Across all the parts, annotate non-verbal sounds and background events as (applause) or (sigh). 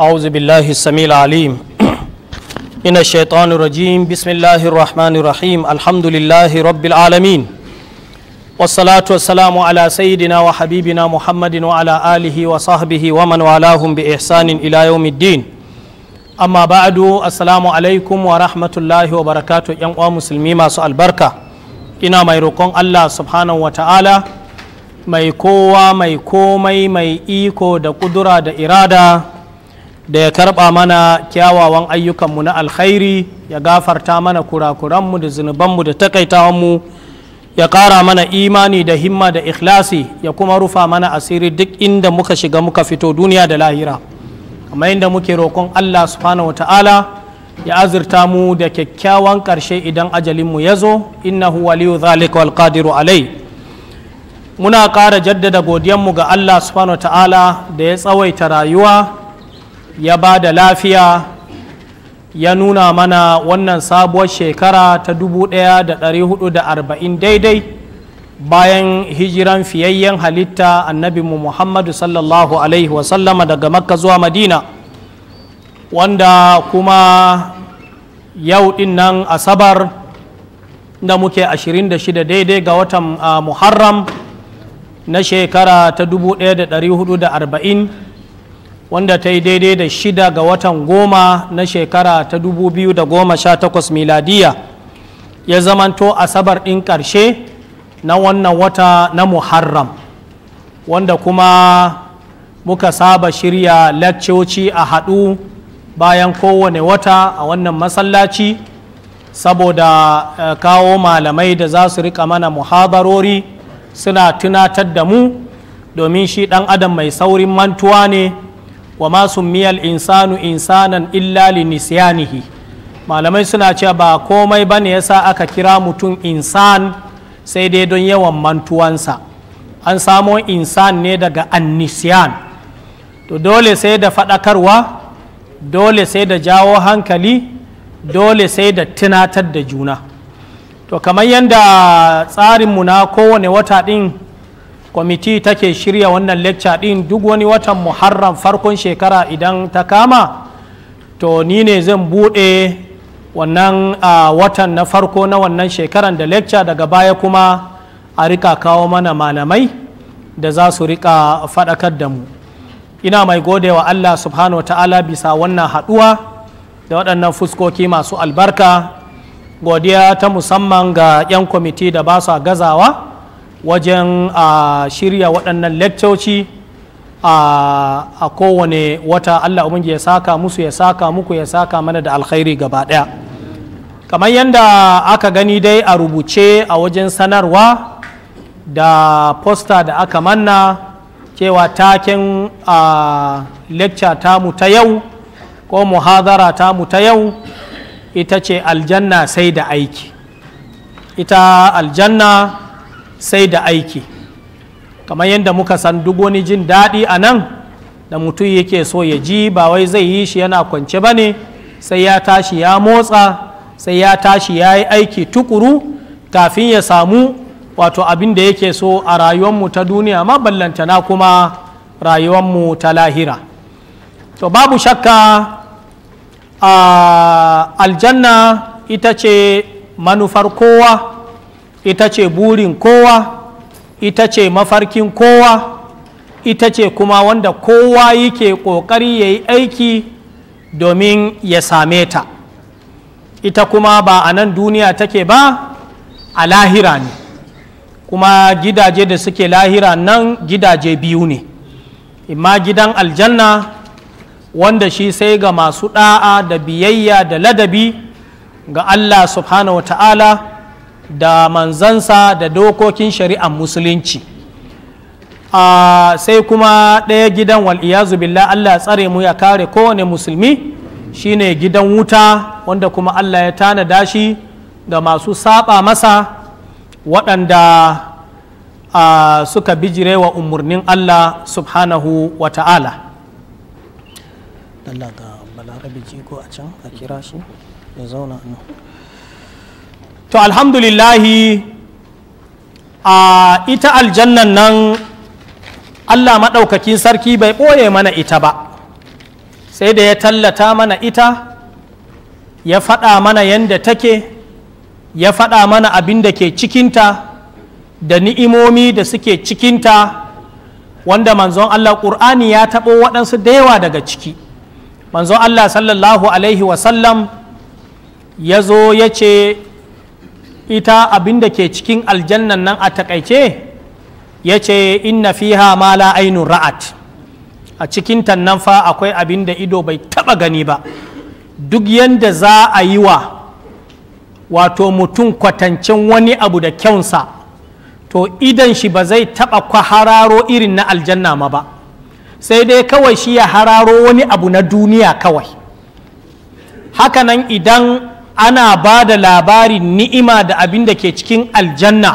أعوذ بالله السميع العليم (clears throat) من الشيطان الرجيم بسم الله الرحمن الرحيم الحمد لله رب العالمين والصلاة والسلام على سيدنا وحبيبنا محمد وعلى آله وصحبه ومن والاهم بإحسان إلى يوم الدين amma ba'adu assalamu alaikum wa rahmatullahi wa barakatu yan uwa musulmi masu albarka ina mai roƙon Allah subhanahu wa ta'ala mai kowa mai komai mai iko da kudura da irada da ya karɓa mana kyawawan ayyukanmu na alkhairi ya gafarta mana kurakuranmu da zunubanmu da takaitawanmu ya ƙara mana imani da himma da ikhlasi ya kuma rufa mana asiri duk inda muka shiga muka fito duniya da lahira. kamar yadda muke roƙon Allah subhanahu ta'ala ya azurta mu da kyakkyawan ƙarshe idan ajalinmu ya zo innahu waliyu zalika wal qadiru alai muna ƙara jaddada godiyanmu ga Allah subhanahu ta'ala da ya tsawaita rayuwa ya ba da lafiya ya nuna mana wannan sabuwar shekara ta 1440 daidai bayan hijiran fiyayyen halitta annabi mu muhammadu sallallahu alaihi wasallama daga makka zuwa madina wanda kuma yau din nan asabar da muke 26 daidai ga watan muharram na shekara ta 1440 wanda ta yi daidai da shida ga watan goma na shekara ta 2018 miladiya ya zamanto asabar ɗin ƙarshe na wannan wata na muharram wanda kuma muka saba shirya lakcoci a haɗu bayan kowane wata a wannan masallaci saboda eh, kawo malamai da za su riƙa mana muhabarori suna tunatar da mu domin shi ɗan adam mai saurin mantuwa ne wa masu miyal insanu insanan illali nisiyanihi malamai suna cewa ba komai ba ne yasa aka kira mutum insan sai dai don yawan mantuwansa an samo insan ne daga annisiyan to dole sai da faɗakarwa dole sai da jawo hankali dole sai da tunatar da juna to kamar yadda tsarinmu na kowane wata ɗin kwamiti take shirya wannan lecture ɗin duk wani watan muharram farkon shekara idan ta kama to ni ne zan buɗe wannan a watan na farko na wannan shekaran da lecture daga baya kuma a rika kawo mana malamai da za su rika faɗakar da mu ina mai gode wa allah subhanahu ta'ala bisa wannan haɗuwa da waɗannan fuskoki masu albarka godiya ta musamman ga 'yan kwamiti da ba su gazawa wajen a shirya waɗannan lekcoci a kowane wata allah ya saka musu ya saka muku ya saka mana da alkhairi gaba ɗaya kamar yadda aka gani dai a rubuce a wajen sanarwa da posta da aka manna cewa taken a lecture tamu ta yau ko muhadara mu ta yau ita ce aljanna sai da aiki ita aljanna sai da aiki kamar yadda muka san duk wani jin daɗi a nan da mutum yake so ya ji ba wai zai yi shi yana kwance ba ne sai ya tashi ya motsa sai ya tashi ya yi aiki tukuru kafin ya samu wato abin da yake so a rayuwanmu ta duniya ma ballantana kuma rayuwarmu ta lahira to babu shakka a aljanna ita ce manufar kowa ita ce burin kowa ita ce mafarkin kowa ita ce kuma wanda kowa yake ƙoƙari ya yi aiki domin ya same ta ita kuma ba a nan duniya take ba a lahira ne kuma gidaje da suke lahira nan gidaje biyu ne imma gidan aljanna wanda shi sai ga masu da'a da biyayya da ladabi ga Allah subhanahu wa ta'ala da manzansa da dokokin shari'ar musulunci sai kuma ɗaya gidan wal'iyazu billah Allah tsare mu ya kare kowane musulmi shine gidan wuta wanda kuma Allah ya tanada shi ga masu saba masa waɗanda uh, suka bijire wa umarnin Allah subhanahu wa ta'ala to alhamdulillahi a ita aljannan nan Allah maɗaukakin sarki bai ɓoye mana ita ba sai da ya tallata mana ita ya faɗa mana yadda take ya faɗa mana abin da ke cikinta da ni'imomi da suke cikinta wanda manzon Allah ƙur'ani ya taɓo waɗansu da yawa daga ciki manzon Allah sallallahu alaihi wasallam ya zo ya ce ita abin da ke cikin aljannan nan a takaice ya ce inna fiha ma la ainun ra'at a cikin tannan fa akwai abin da ido bai taba gani ba duk yadda za a yi wa wato mutum kwatancin wani abu da kyaunsa to idan shi ba zai taba hararo irin na aljanna ma ba sai dai kawai shi ya hararo wani abu na duniya kawai hakanan idan ana ba da labarin ni'ima da abin da ke cikin aljanna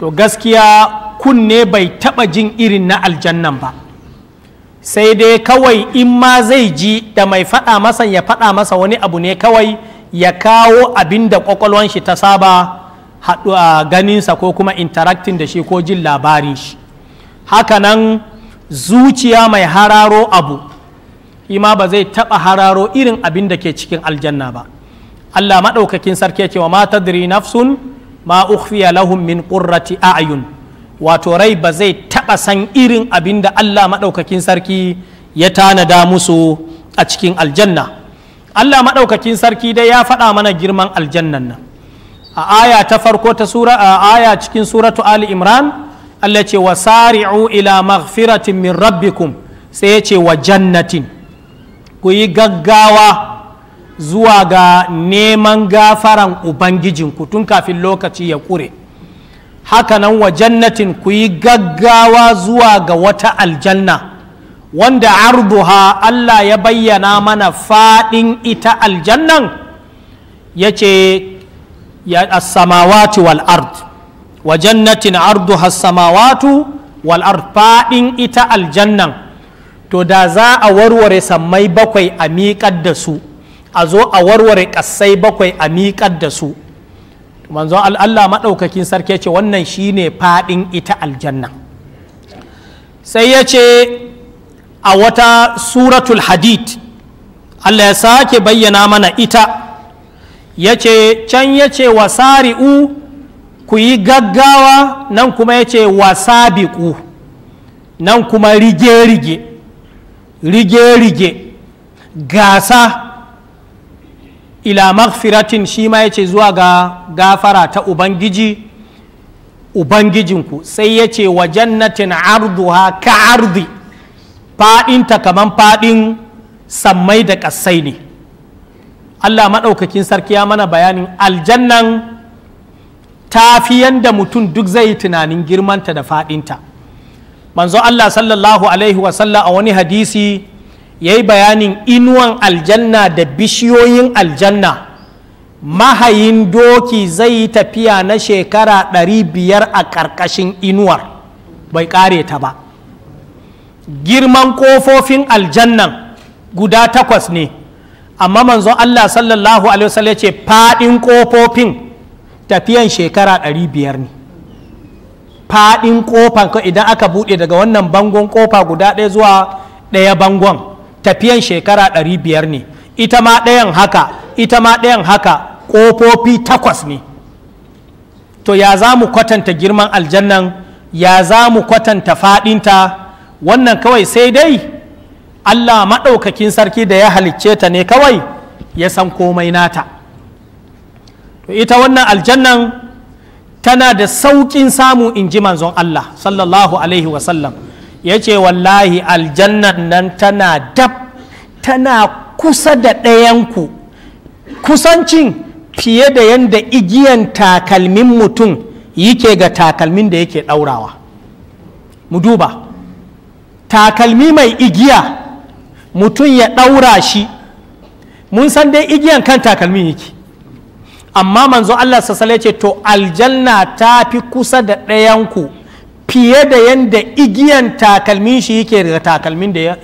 to gaskiya kunne bai taba jin irin na aljannan ba sai dai kawai in ma zai ji da mai faɗa masa ya faɗa masa wani abu ne kawai ya kawo abin da ƙwaƙwalwan shi ta saba hadu a ganinsa ko kuma interacting da shi ko jin labarin shi hakanan zuciya mai hararo abu ima ba zai taɓa hararo irin abin da ke cikin aljanna ba allah maɗaukakin sarki ya ce wa ma tadri nafsun ma ukhfiya lahum min ƙurrati a'yun wato rai ba zai taɓa san irin abin da Allah maɗaukakin sarki ya tanada musu a cikin aljanna Allah maɗaukakin sarki dai ya faɗa mana girman aljannan nan a aya ta farko ta sura a aya cikin suratu Ali Imran Allah ce wa sari'u ila maghfiratin min rabbikum sai ya ce wa jannatin ku yi gaggawa zuwa ga neman gafaran ubangijinku tun kafin lokaci ya ƙure. hakanan wa jannatin ku yi gaggawa zuwa ga wata aljanna wanda arduha Allah ya bayyana mana faɗin ita aljannan ya ce samawati wal ard wa jannatin arduha samawatu wal ard faɗin ita aljannan to da za a warware sammai bakwai a miƙar da su a zo a warware ƙasai bakwai a miƙar da su manzon Allah maɗaukakin sarki ce wannan shi ne faɗin ita aljanna sai ya ce a wata suratul hadid Allah ya sake bayyana mana ita ya ce can ya ce wasari'u ku yi gaggawa nan kuma ya ce wasabiku nan kuma rige-rige rige-rige gasa ila maghfiratin shi ma ya ce zuwa ga gafara ta ubangiji ubangijinku sai ya ce wa jannatin arduha ka ardi faɗinta kaman faɗin sammai da kasai ne allah maɗaukakin sarki ya mana bayanin aljannan ta fi yadda mutum duk zai yi tunanin girmanta da faɗinta manzo allah sallallahu alaihi wasallam a wani hadisi ya yi bayanin inuwan aljanna da bishiyoyin aljanna mahayin doki zai yi tafiya na shekara ɗari biyar a ƙarƙashin inuwar bai ƙare ta ba girman ƙofofin aljannan guda takwas ne amma manzon Allah sallallahu alaihi wasallam ce faɗin ƙofofin tafiyan shekara ɗari biyar ne faɗin ƙofan idan aka buɗe daga wannan bangon ƙofa guda ɗaya zuwa ɗaya bangon tafiyan shekara ɗari biyar ne ita ma ɗayan haka ita ma ɗayan haka ƙofofi takwas ne to ya za mu kwatanta girman aljannan ya za mu kwatanta faɗinta wannan kawai sai dai allah maɗaukakin sarki da ya halicce ta ne kawai ya san komai nata to ita wannan aljannan tana da sauƙin samu in ji manzon allah sallallahu alaihi wasallam ya ce wallahi aljannan nan tana dab tana kusa da ɗayanku kusancin fiye da yadda igiyan takalmin mutum yake ga takalmin da yake ɗaurawa mu duba takalmi mai igiya mutum ya ɗaura shi mun san dai igiyan kan takalmin yake amma manzo Allah sassale ce to aljanna ta fi kusa da ɗayanku fiye da yadda igiyan takalmin shi yake da takalmin da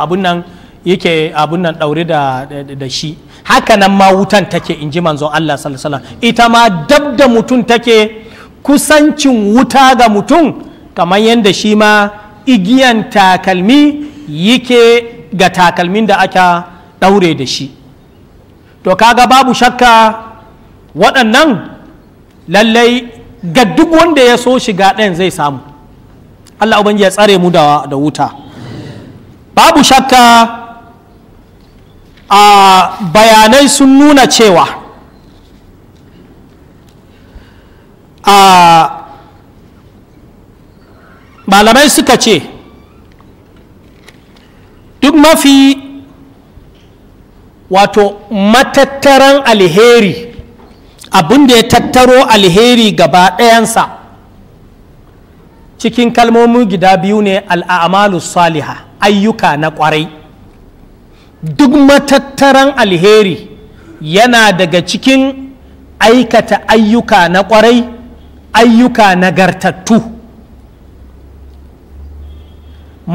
abun nan yake abun nan daure da, shi haka nan ma wutan take in ji manzon Allah sallallahu ita ma dab da mutum take kusancin wuta ga mutum kamar yadda shi ma igiyan takalmi yake ga takalmin da aka daure da shi to kaga babu shakka waɗannan lallai ga duk wanda ya so shiga ɗayan zai samu Allah ubangi ya tsare mu da wuta babu shakka a bayanai sun nuna cewa a malamai suka ce duk mafi wato matattaran alheri abin da ya tattaro alheri gaba ɗayansa cikin kalmomin gida biyu ne al'amalu saliha ayyuka na kwarai duk matattaran alheri yana daga cikin aikata ayyuka na kwarai ayyuka nagartattu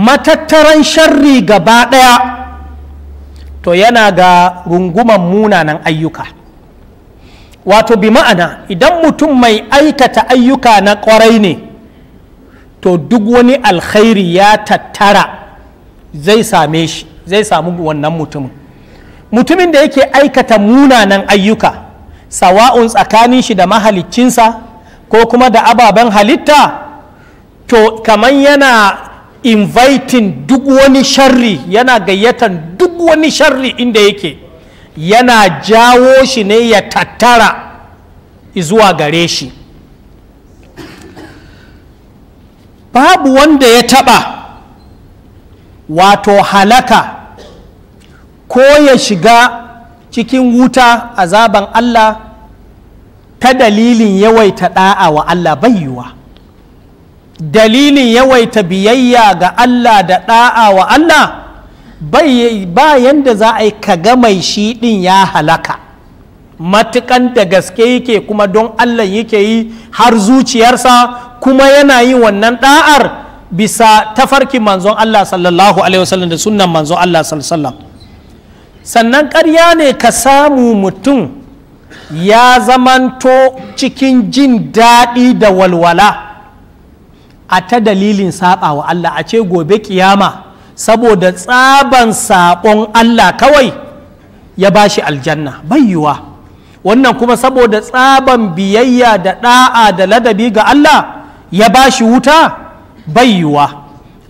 matattaran sharri gaba ɗaya to yana ga runguman munanan ayyuka wato bi ma'ana idan mutum mai aikata ayyuka na kwarai ne to duk wani alkhairi ya tattara zai same shi zai samu wannan mutumin mutumin da yake aikata munanan ayyuka sawa'un tsakanin shi da mahalicinsa ko kuma da ababen halitta to kamar yana inviting duk wani sharri yana gayyatan duk wani sharri inda yake yana jawo shi ne ya tattara zuwa gare shi babu wanda ya taɓa wato halaka ko ya shiga cikin wuta azaban Allah ta dalilin yawaita ɗa'a wa Allah bayyuwa dalilin yawaita biyayya ga Allah da ɗa'a wa Allah ba yanda za a yi kaga mai shi din ya halaka matukan da gaske yake kuma don Allah yake yi har zuciyarsa kuma yana yi wannan da'ar bisa tafarkin manzon Allah sallallahu alaihi wasallam da sunnan manzon Allah sallallahu sannan ƙarya ne ka samu mutum ya zamanto cikin jin daɗi da walwala a ta dalilin saba wa Allah a ce gobe kiyama saboda tsaban saƙon Allah kawai ya bashi aljanna bai yiwuwa wannan kuma saboda tsaban biyayya da ɗa'a da ladabi ga Allah ya ba shi wuta bayyuwa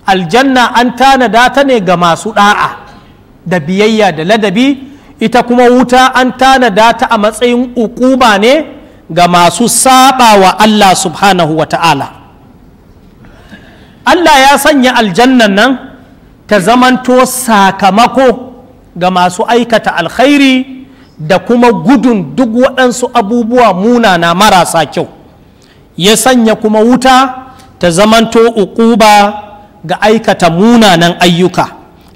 aljanna an tanada ta ne ga masu ɗa'a da biyayya da ladabi ita kuma wuta an tanada ta a matsayin ukuba ne ga masu saba wa Allah subhanahu wa ta'ala Allah ya sanya aljannan nan ta zamanto sakamako ga masu aikata alkhairi da kuma gudun duk waɗansu abubuwa muna na marasa kyau ya sanya kuma wuta ta zamanto uquba ga aikata munanan ayyuka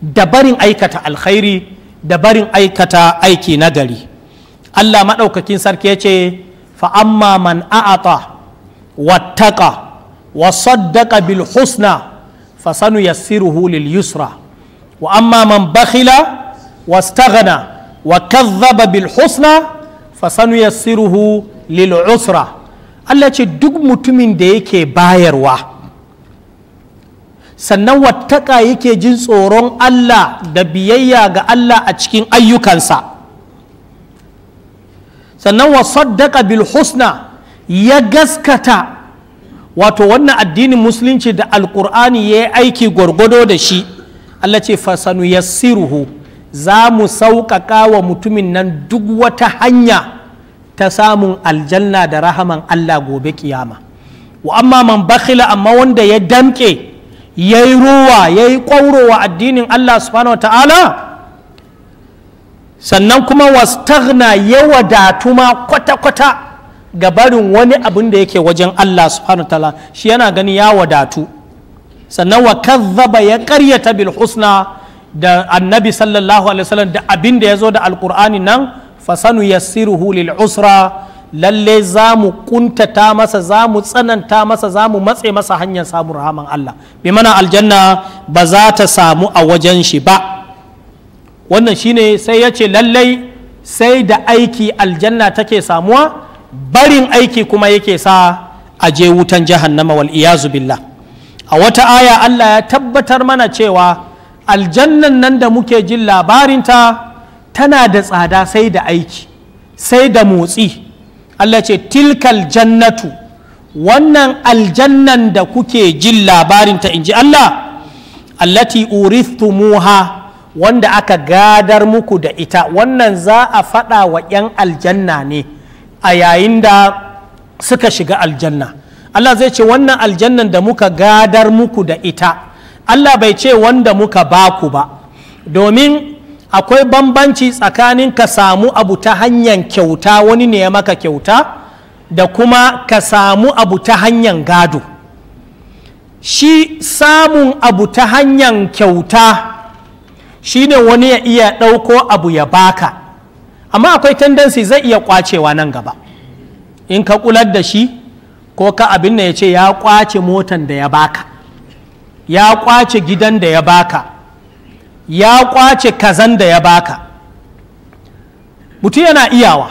da barin aikata alkhairi da barin aikata aiki nagari Allah maɗaukakin sarki ya ce fa'amma man a'ata wattaka wa saddaka bil husna fasanu yassiruhu lil yusra wa amma man bakhila wastaghna wa kazzaba bil husna fa lil usra Allah ce duk mutumin da yake bayarwa sannan wattaka yake jin tsoron Allah da biyayya ga Allah a cikin ayyukansa sannan wa saddaka bil husna ya gaskata wato wannan addinin musulunci da alkur'ani ya yi aiki gwargwado da shi Allah ce fasanu yassiruhu za mu sauƙaƙa wa mutumin nan duk wata hanya ta samun aljanna da rahaman Allah gobe kiyama wa amma man bakhila amma wanda ya damƙe ya yi ruwa ya yi ƙwaurowa addinin Allah subhanahu wa ta'ala sannan kuma wastagna ya wadatu ma kwata-kwata ga barin wani abin da yake wajen Allah subhanahu wa ta'ala shi yana gani ya wadatu sannan wa kazzaba ya karyata bil husna da annabi sallallahu alaihi wasallam da abin da ya zo da alkur'ani nan fasanu yassiruhu lil usra lalle za mu kuntata masa za mu tsananta masa za mu matse masa hanyar samun rahaman Allah bi mana aljanna ba za ta samu a wajen shi ba wannan shine sai ya ce lallai sai da aiki aljanna take samuwa barin aiki kuma yake sa a je wutan jahannama wal iyazu billah a wata aya Allah ya tabbatar mana cewa aljannan nan da muke jin labarinta tana da tsada sai da aiki sai da motsi Allah ce tilkal jannatu wannan aljannan da kuke jin labarinta in ji Allah allati uristumuha wanda aka gadar muku da ita wannan za a faɗa wa 'yan aljanna ne a yayin da suka shiga aljanna Allah zai ce wannan aljannan da muka gadar muku da ita Allah bai ce wanda muka baku ba domin akwai bambanci tsakanin ka samu abu ta hanyar kyauta wani ne ya maka kyauta da kuma ka samu abu ta hanyar gado shi samun abu ta hanyar kyauta shi ne wani ya iya ɗauko abu ya baka amma akwai tendensi zai iya kwacewa nan gaba in ka kular da shi ko ka abin da ya ce ya kwace motan da ya baka ya kwace gidan da ya baka ya kwace kazan da ya baka mutum yana iyawa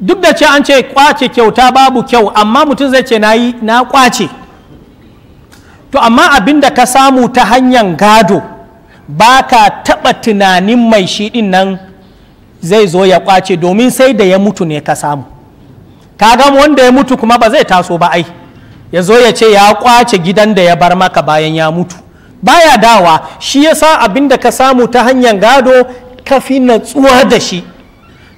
duk da ce an ce kwace kyauta babu kyau amma mutum zai ce na yi na kwace to amma abin da ka samu ta hanyar gado ba ka taɓa tunanin mai shi ɗin nan zai zo ya kwace domin sai da ya mutu ne ka samu ka gama wanda ya mutu kuma ba zai taso ba ai ya zo ya ce ya kwace gidan da ya bar maka bayan ya mutu baya dawa shi ya sa abin da ka samu ta hanyar gado ka fi natsuwa da shi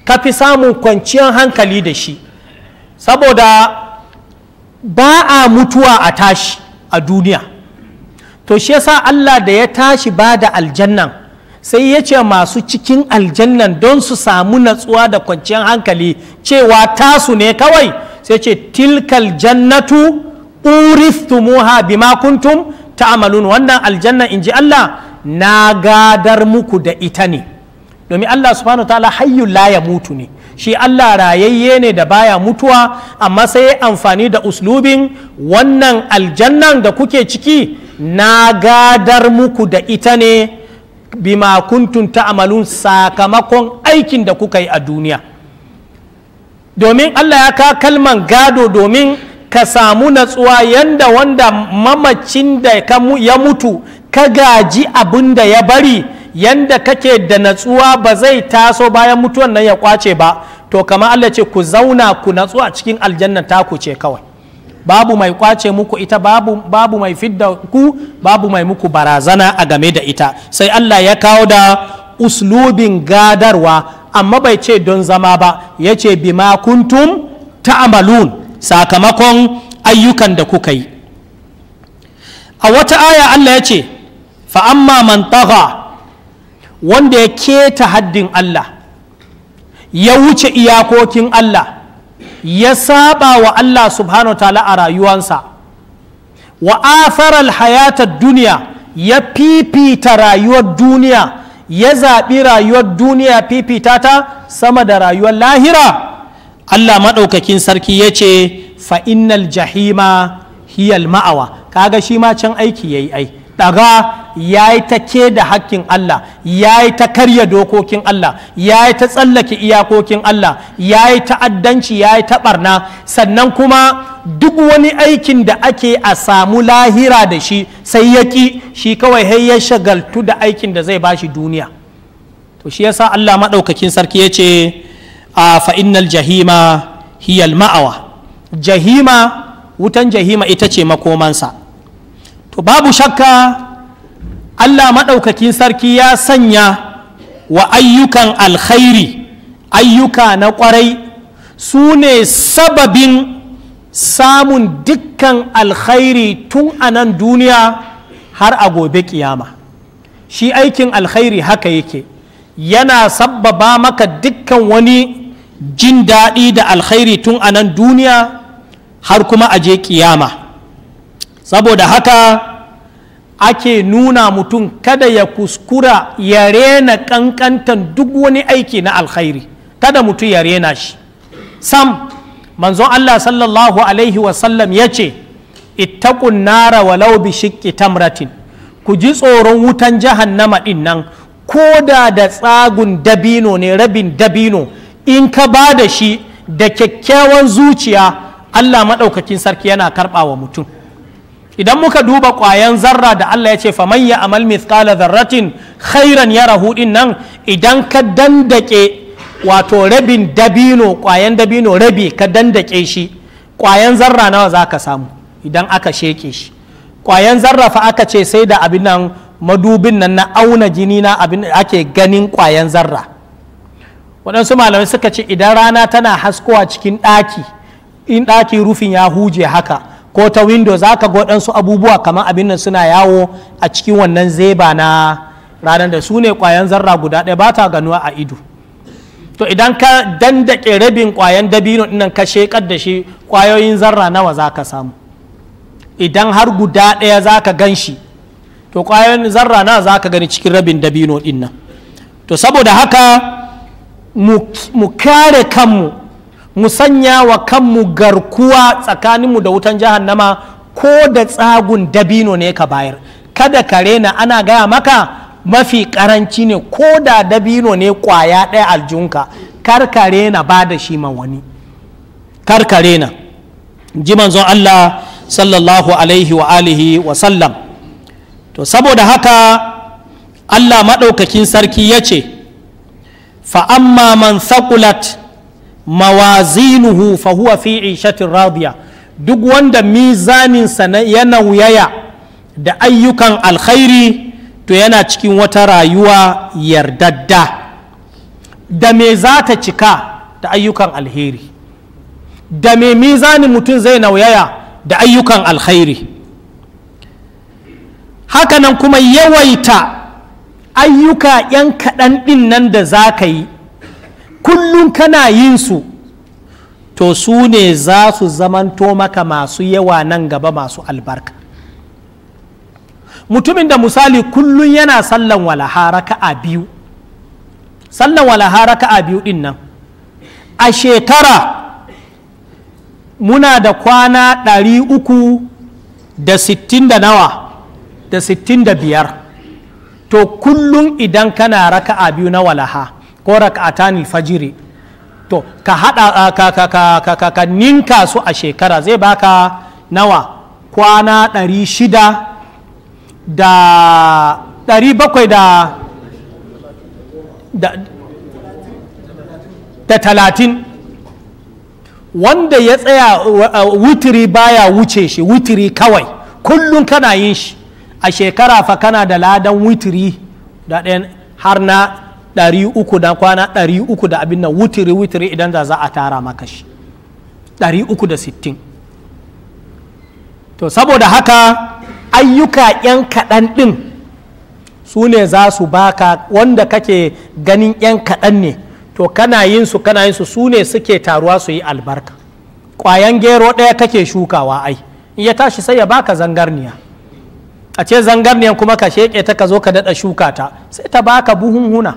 ka fi samun kwanciyar hankali da shi saboda ba a mutuwa a tashi a duniya to shi ya sa Allah da ya tashi ba da aljannan sai ya ce masu cikin aljannan don su samu natsuwa da kwanciyar hankali cewa tasu ne kawai sai ce tilkal jannatu uristumuha bima ta ta'malun wannan aljanna inji Allah na gadar muku da ita ne domin Allah subhanahu ta'ala hayyul la ya mutu ne shi Allah rayayye ne da baya mutuwa amma sai amfani da uslubin wannan aljannan da kuke ciki na gadar muku da ita ne bima ta ta'malun sakamakon aikin da kuka yi a duniya domin Allah ya ka kalman gado domin ka samu natsuwa yanda wanda mamacin da ya mutu ka gaji abin da ya bari yanda kake da natsuwa ba zai taso bayan mutuwan nan ya kwace ba to kamar Allah ce ku zauna ku natsu a cikin aljanna ta ce kawai babu mai kwace muku ita babu, babu mai fidda ku babu mai muku barazana a game da ita sai Allah ya kawo da uslubin gadarwa amma bai ce don zama ba ya ce bima kuntum ta'amalun sakamakon ayyukan da kuka yi a wata aya Allah ya ce fa'amma man wanda ya keta haddin Allah ya wuce iyakokin Allah ya saba wa Allah subhanahu ta'ala a rayuwansa wa afaral hayatar duniya ya fifita rayuwar duniya ya zaɓi rayuwar duniya fifita ta sama da rayuwar lahira Allah maɗaukakin sarki ya ce fa'innal jahima hiyal ma'awa kaga shi ma can aiki ya yi ai ɗaga ya yi ta ke da hakkin Allah ya yi ta karya dokokin Allah ya yi ta tsallake iyakokin Allah ya yi ta'addanci ya yi ta ɓarna sannan kuma duk wani aikin da ake a samu lahira da shi sai ya ƙi shi kawai har ya shagaltu da aikin da zai ba shi duniya to shi yasa Allah maɗaukakin sarki ya ce a fa'innal jahima hiyal ma'awa jahima wutan jahima ita ce makomansa to babu shakka allah maɗaukakin sarki ya sanya wa ayyukan alkhairi ayyuka na ƙwarai su ne sababin samun dukkan alkhairi tun a nan duniya har a gobe kiyama shi aikin alkhairi haka yake yana sababa maka dukkan wani jin daɗi da alkhairi tun a nan duniya har kuma a je kiyama saboda haka ake nuna mutum kada ya kuskura ya rena kankantan duk wani aiki na alkhairi kada mutum ya rena shi sam manzon Allah sallallahu alaihi wasallam ya ce ittaqun nara walau bi shiqqi tamratin ku ji tsoron wutan jahannama din nan koda da tsagun dabino ne rabin dabino in ka ba da shi da kyakkyawan zuciya Allah maɗaukakin sarki yana karɓa wa mutum idan muka duba ƙwayan zarra da Allah ya ce faman ya amal mithqala zarratin khairan ya din nan idan ka dandake wato rabin dabino ƙwayan dabino rabi ka dandake shi ƙwayan zarra nawa za ka samu idan aka sheke shi ƙwayan zarra fa aka ce sai da abin nan madubin nan na auna jini na abin ake ganin ƙwayan zarra waɗansu malamai suka ce idan rana tana haskowa cikin ɗaki in ɗaki rufin ya huje haka ko ta windo za ka waɗansu abubuwa kamar abin nan suna yawo a cikin wannan zeba na ranar da su ne ƙwayan zarra guda ɗaya ba ta ganuwa a ido to idan ka dandake rabin ƙwayan dabino ɗinnan ka sheƙar da shi ƙwayoyin zarra nawa za ka samu idan har guda ɗaya za ka gan shi to ƙwayoyin zarra nawa za ka gani cikin rabin dabino ɗinnan to saboda haka mu kare kanmu mu sanya wa kanmu garkuwa tsakaninmu da wutan jahannama ko da tsagun dabino ne ka bayar kada ka rena ana gaya maka mafi karanci ne ko da dabino ne kwaya ɗaya aljunka kar ka rena ba da shi ma wani kar ka rena ji manzon Allah sallallahu alaihi wa alihi wa sallam to saboda haka Allah maɗaukakin sarki ya ce fa amma man thaqulat mawazinuhu fa huwa fi ishatin radiya duk wanda mizaninsa ya nauyaya da ayyukan alkhairi to yana cikin wata rayuwa yardadda da me za ta cika da ayyukan alheri da me mizanin mutum zai nauyaya da ayyukan alkhairi hakanan kuma yawaita ayyuka 'yan kaɗan ɗin nan da za ka yi kullum kana yin su to su ne za su zamanto maka masu yawa nan gaba masu albarka mutumin da misali kullum yana sallan walaharaka a biyu sallan walaharaka a biyu ɗin nan a shekara muna da kwana ɗari uku da sittin da nawa da sittin da biyar to kullum idan kana raka'a biyu na walaha ko raka'atan fajiri to ka hada ka ka ka ka ninka su a shekara zai baka nawa kwana 600 da 700 da da talatin wanda ya tsaya wutiri baya wuce shi wutiri kawai kullum kana yin shi a shekara fa kana da ladan witiri da ɗayan har na ɗari uku da kwana ɗari uku da abin nan witiri witiri idan da za a tara maka shi ɗari uku da sittin to saboda haka ayyuka 'yan kaɗan ɗin su ne za su baka wanda kake ganin 'yan kaɗan ne to kana yin su kana yin su su ne suke taruwa su yi albarka ƙwayan gero ɗaya kake shukawa ai in ya tashi sai ya baka zangarniya a ce zangarniyan kuma ka sheƙe ta ka zo ka daɗa shuka ta sai ta baka buhunhuna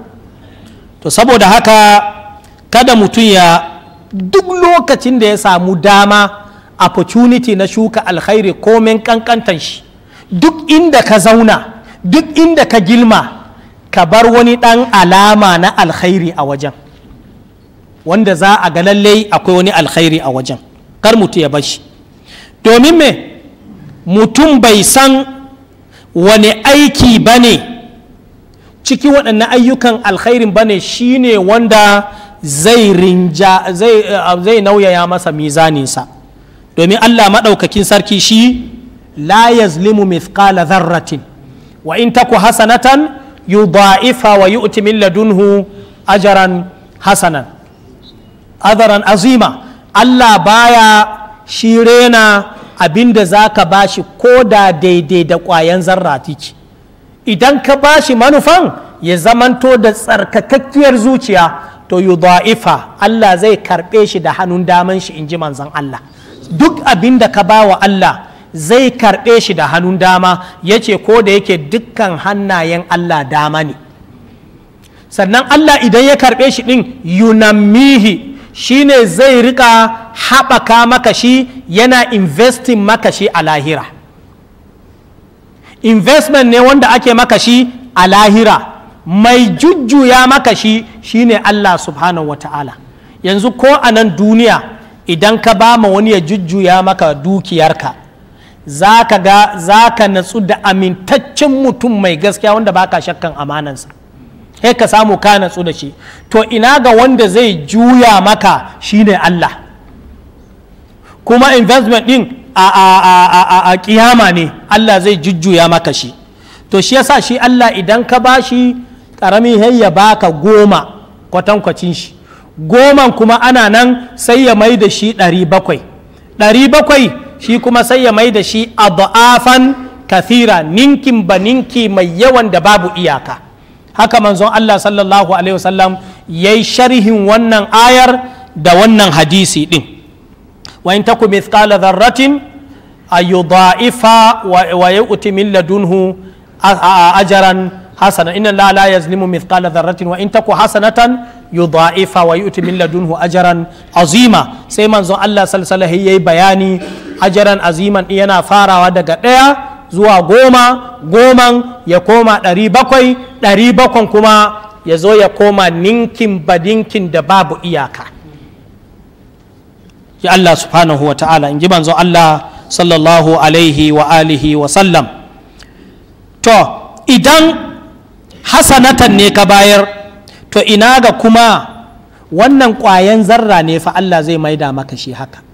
to saboda haka kada mutum ya duk lokacin da ya samu dama opportunity na shuka alkhairi komen kankantan shi duk inda ka zauna duk inda ka gilma ka bar wani ɗan alama na alkhairi a wajen wanda za a ga lallai akwai wani alkhairi a wajen kar mutu ya bashi domin me mutum bai san wani aiki ba ne cikin waɗannan ayyukan alkhairin ba ne shi ne wanda zai rinja eh, zai nauyaya masa mizaninsa domin allah maɗaukakin sarki shi la yazlimu mithqala zarratin wa in taku hasanatan yudha'ifa wa yu'ti min ladunhu ajaran hasanan azaran azima allah baya shi rena abinda za ka ba shi ko da daidai da ƙwayan zarra ce idan ka ba shi manufan ya zamanto da tsarkakakkiyar zuciya to yi da'ifa Allah zai karɓe shi da hannun daman shi in ji manzan Allah duk abinda ka ba wa Allah zai karɓe shi da hannun dama ya ce ko da yake dukkan hannayen Allah dama ne sannan Allah idan ya karɓe shi ɗin yunammihi shine zai rika haɓaka maka shi yana investing makashi a lahira investment ne wanda ake maka shi a lahira mai jujjuya maka shi shine Allah subhanahu wata'ala yanzu ko a nan duniya idan ka ba ma wani ya jujjuya maka dukiyarka za ka ga za ka natsu da amintaccen mutum mai gaskiya wanda baka shakkan amanansa sai ka samu ka natsu da shi to ina ga wanda zai juya maka shine Allah kuma investment din a, a, a, a, a kiyama ne Allah zai jujjuya maka shi to shi yasa shi Allah idan ka bashi karamin hayya baka goma kwatankwacin shi goman kuma ana nan sai ya mai da shi ɗari bakwai shi kuma sai ya mai da shi abu'afan kathira ninkin ba ninki mai yawan da babu iyaka haka manzon Allah sallallahu alaihi wasallam yi sharihin wannan ayar da wannan hadisi din wa in taku mithqala dharratin ayudha'ifa wa yu'ti min ladunhu ajran hasana inna la la yazlimu mithqala dharratin wa in taku hasanatan yudha'ifa wa yu'ti min ladunhu ajran azima sai manzon Allah sallallahu alaihi yayi bayani ajran aziman yana farawa daga daya zuwa goma goman ya koma ɗari bakwai ɗari bakon kuma ya zo ya koma ninkin badinkin da babu iyaka ya Allah subhanahu wa ta'ala in ji manzo Allah sallallahu alaihi wa alihi wa sallam to idan hasanatan ne ka bayar to ina ga kuma wannan ƙwayan zarra ne fa Allah zai maida maka shi haka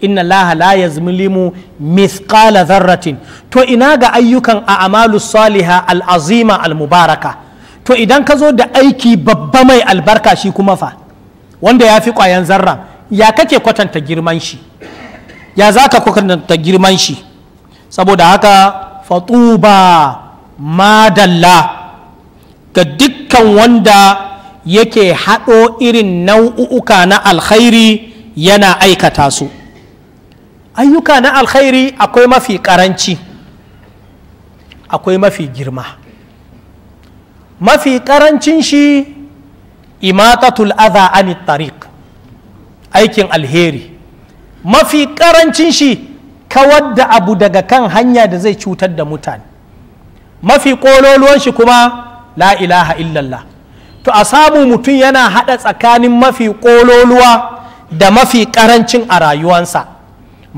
inna laha la yazlimu mithqala zarratin to ina ga ayyukan a amalu saliha al'azima al-mubaraka to idan ka zo da aiki babba mai albarka shi kuma fa wanda ya fi ƙwayan zarra ya kake kwatanta girman shi ya za ka kwatanta girman shi saboda haka fatuba madalla ga dukkan wanda yake haɗo irin nau'uka na alkhairi yana aikata su ayyuka na alkhairi akwai mafi karanci akwai mafi girma mafi karancin shi imatatul adha ani tariq aikin alheri mafi karancin shi kawar da abu daga kan hanya da zai cutar da mutane mafi kololuwan shi kuma la ilaha illallah to a samu mutum yana haɗa tsakanin mafi kololuwa da mafi karancin a rayuwansa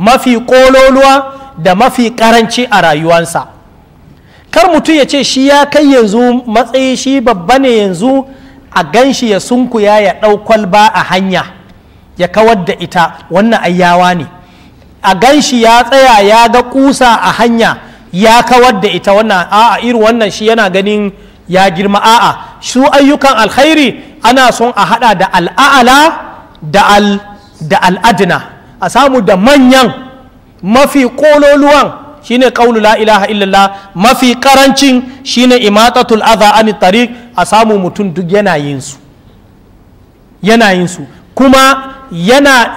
mafi ƙololuwa da mafi ƙaranci a rayuwansa kar mutum ya ce shi ya kai yanzu matsayi shi babba ne yanzu a ganshi ya sunkuya ya ɗau kwalba a hanya ya kawar da ita wannan ayyawa ne a ganshi ya tsaya ya ga kusa a hanya ya kawar da ita wannan a'a irin wannan shi yana ganin ya girma a'a su ayyukan alkhairi ana son a hada da al'a'ala da al'adina a samu da manyan mafi kololuwan shine qaulu la ilaha illallah mafi karancin shine imatatul adha anit tariq a samu mutum duk yanayinsu. yin kuma yana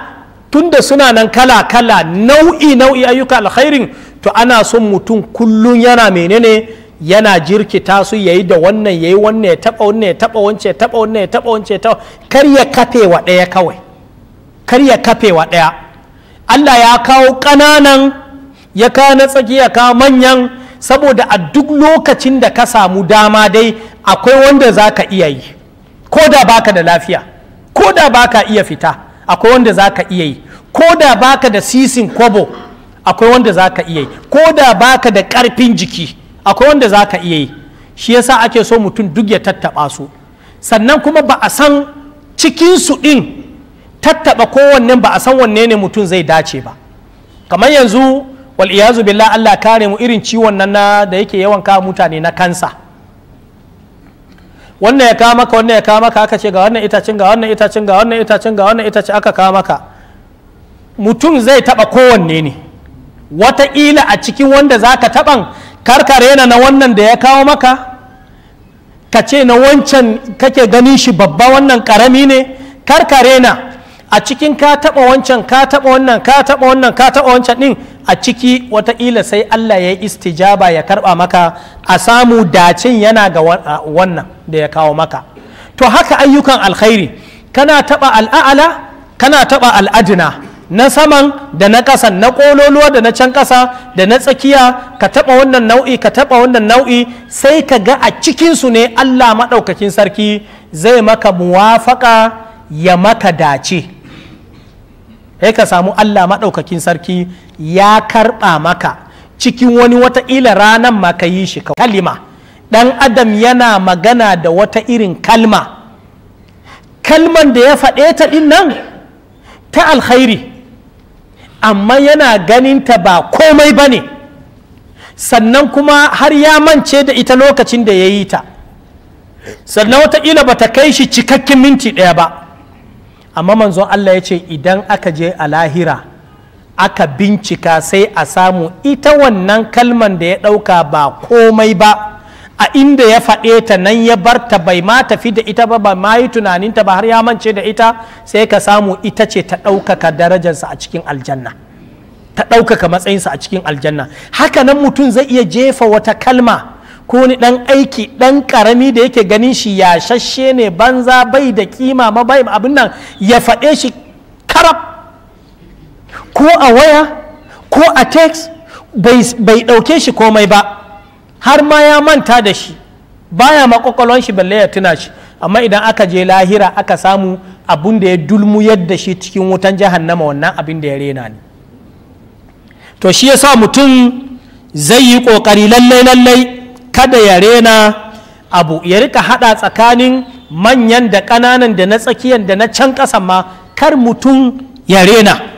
tunda suna nan kala kala nau'i nau'i ayyuka alkhairin to ana son mutum kullum yana menene yana jirkita su yayi da wannan yayi wannan ya taba wannan ya taba wancan ya taba wannan ya taba wancan ya kar ya kafe wa daya kawai kar ya kafe wa daya Allah ya kawo ƙananan ya kawo na ya kawo manyan saboda a duk lokacin da ka samu dama dai akwai wanda za ka iya yi ko da baka da lafiya ko da baka iya fita akwai wanda za ka iya yi ko da baka da sisin kwabo akwai wanda za ka iya yi ko da baka da ƙarfin jiki akwai wanda za ka iya yi shi yasa ake so mutum duk ya tattaɓa su sannan kuma ba a san cikinsu ɗin tattaɓa kowannen ba a san wanne ne mutum zai dace ba kamar yanzu wal iyazu billah Allah kare mu irin ciwon nan da yake yawan kawo mutane na kansa wannan ya kawo maka wannan ya kawo maka aka ce ga wannan itacin ga wannan itacin ga wannan itacin ga wannan itacin aka kawo maka mutum zai taɓa kowanne ne wataƙila a cikin wanda za ka taɓan karkare na na wannan da ya kawo maka ka ce na wancan kake ganin shi babba wannan ƙarami ne karkare na a cikin ka taɓa wancan ka taɓa wannan ka taɓa wannan ka taɓa wancan ɗin a ciki wataƙila sai Allah ya yi istijaba ya karɓa maka a samu dacin yana ga wannan da ya kawo maka to haka ayyukan alkhairi kana taɓa al'ala, kana taɓa al'adina na saman da na ƙasa, na ƙololuwa da na can ƙasa da na tsakiya ka taɓa wannan nau'i ka taɓa wannan nau'i sai ka ga a cikinsu ne allah maɗaukakin sarki zai maka muwafaƙa ya maka dace sai ka samu Allah maɗaukakin sarki ya karɓa maka cikin wani wataƙila ranan ma ka yi shi kalima ɗan adam yana magana da wata irin kalma kalman da ya faɗe ta ɗin nan ta alkhairi amma yana ganinta ba komai ba ne sannan kuma har ya mance da ita lokacin da ya yi ta sannan wataƙila ba ta kai shi cikakken minti ɗaya ba amma manzon Allah ya ce idan aka je a lahira aka bincika sai a samu ita wannan kalman da ya ɗauka ba komai ba a inda ya faɗe ta nan ya barta bai ma tafi da ita ba ba ma yi tunaninta ba har ya mance da ita sai ka samu ita ce ta ɗaukaka darajarsa a cikin aljanna ta ɗaukaka matsayinsa a cikin aljanna haka nan mutum zai iya jefa wata kalma ko ni dan aiki dan karami da yake ganin shi ya shashe ne banza bai da kima ma bai abin nan ya faɗe shi karab ko a waya ko a text bai ɗauke shi komai ba har ma ya manta da shi baya makwakwalon shi balle ya tuna shi amma idan aka je lahira aka samu abun da ya dulmu yadda shi cikin wutan jahannama wannan abin da ya rena ne to shi yasa mutum zai yi ƙoƙari lallai lallai kada ya rena abu ya rika hada tsakanin manyan da ƙananan da na tsakiyan da na can ƙasan ma kar mutum ya rena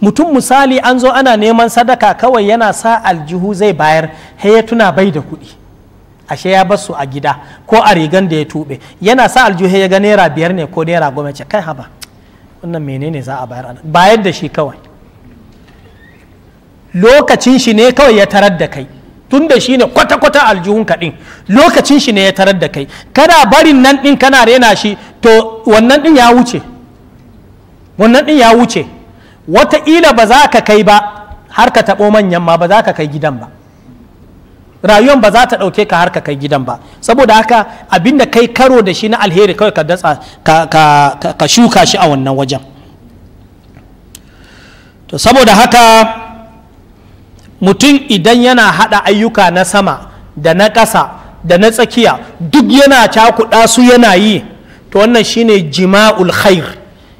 mutum misali an zo ana neman sadaka kawai yana sa aljihu zai bayar ya tuna bai da kuɗi ashe ya bar su a gida ko a rigan da ya tuɓe yana sa aljihu ya ga naira biyar ne ko naira goma ce kai haba wannan menene za a bayar bayar da shi kawai lokacin shi ne kawai ya tarar da kai tun da shine kwata-kwata aljihun kaɗin lokacin shi ne ya tarar da kai kana barin nan ɗin kana rena shi to wannan ɗin ya wuce wannan ɗin ya wuce wataƙila ba za ka kai ba har ka taɓo manyan ma ba za ka kai gidan ba rayuwan ba za ta ɗauke ka har ka kai gidan ba saboda haka abinda kai karo da shi na alheri kawai ka datsa ka shuka shi a wannan wajen to saboda haka mutum idan yana haɗa ayyuka na sama da na ƙasa da na tsakiya duk yana cakuɗa su yana yi to wannan shine jima'ul khair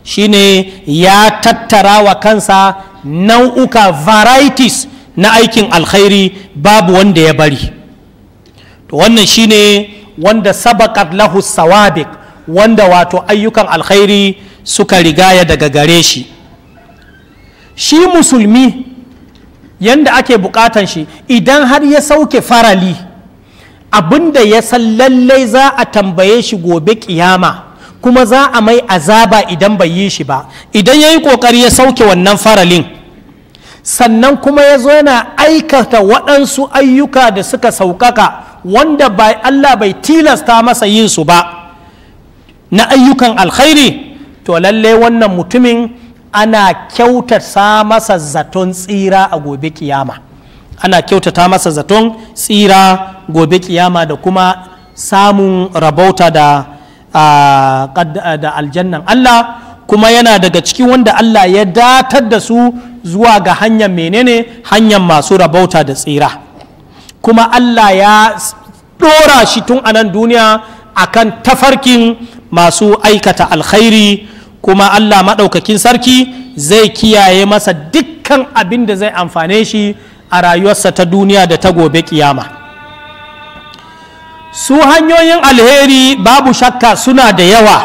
shine ya tattara wa kansa nau'uka varieties na aikin alkhairi babu wanda ya bari to wannan shine wanda sabaƙar lahu Sawabik wanda wato ayyukan alkhairi suka rigaya daga gare shi shi musulmi yanda ake bukatan shi idan har ya sauke farali abinda ya san lallai za a tambaye shi gobe kiyama kuma za a mai azaba idan bai yi shi ba idan ya yi kokari ya sauke wannan faralin sannan kuma ya zo yana aikata waɗansu ayyuka da suka sauƙaƙa wanda bai Allah bai tilasta masa yin su ba na ayyukan alkhairi to lallai wannan mutumin ana kyautata masa zaton tsira a gobe kiyama ana kyautata masa zaton tsira gobe kiyama da kuma samun rabauta da aljannan Allah kuma yana daga cikin wanda Allah ya datar da su zuwa ga hanyar menene hanyar masu rabauta da tsira kuma Allah ya ɗora shi tun a nan duniya akan tafarkin masu aikata alkhairi kuma Allah maɗaukakin sarki zai kiyaye masa dukkan abin da zai amfane shi a rayuwarsa ta duniya da ta gobe kiyama su hanyoyin alheri babu shakka suna da yawa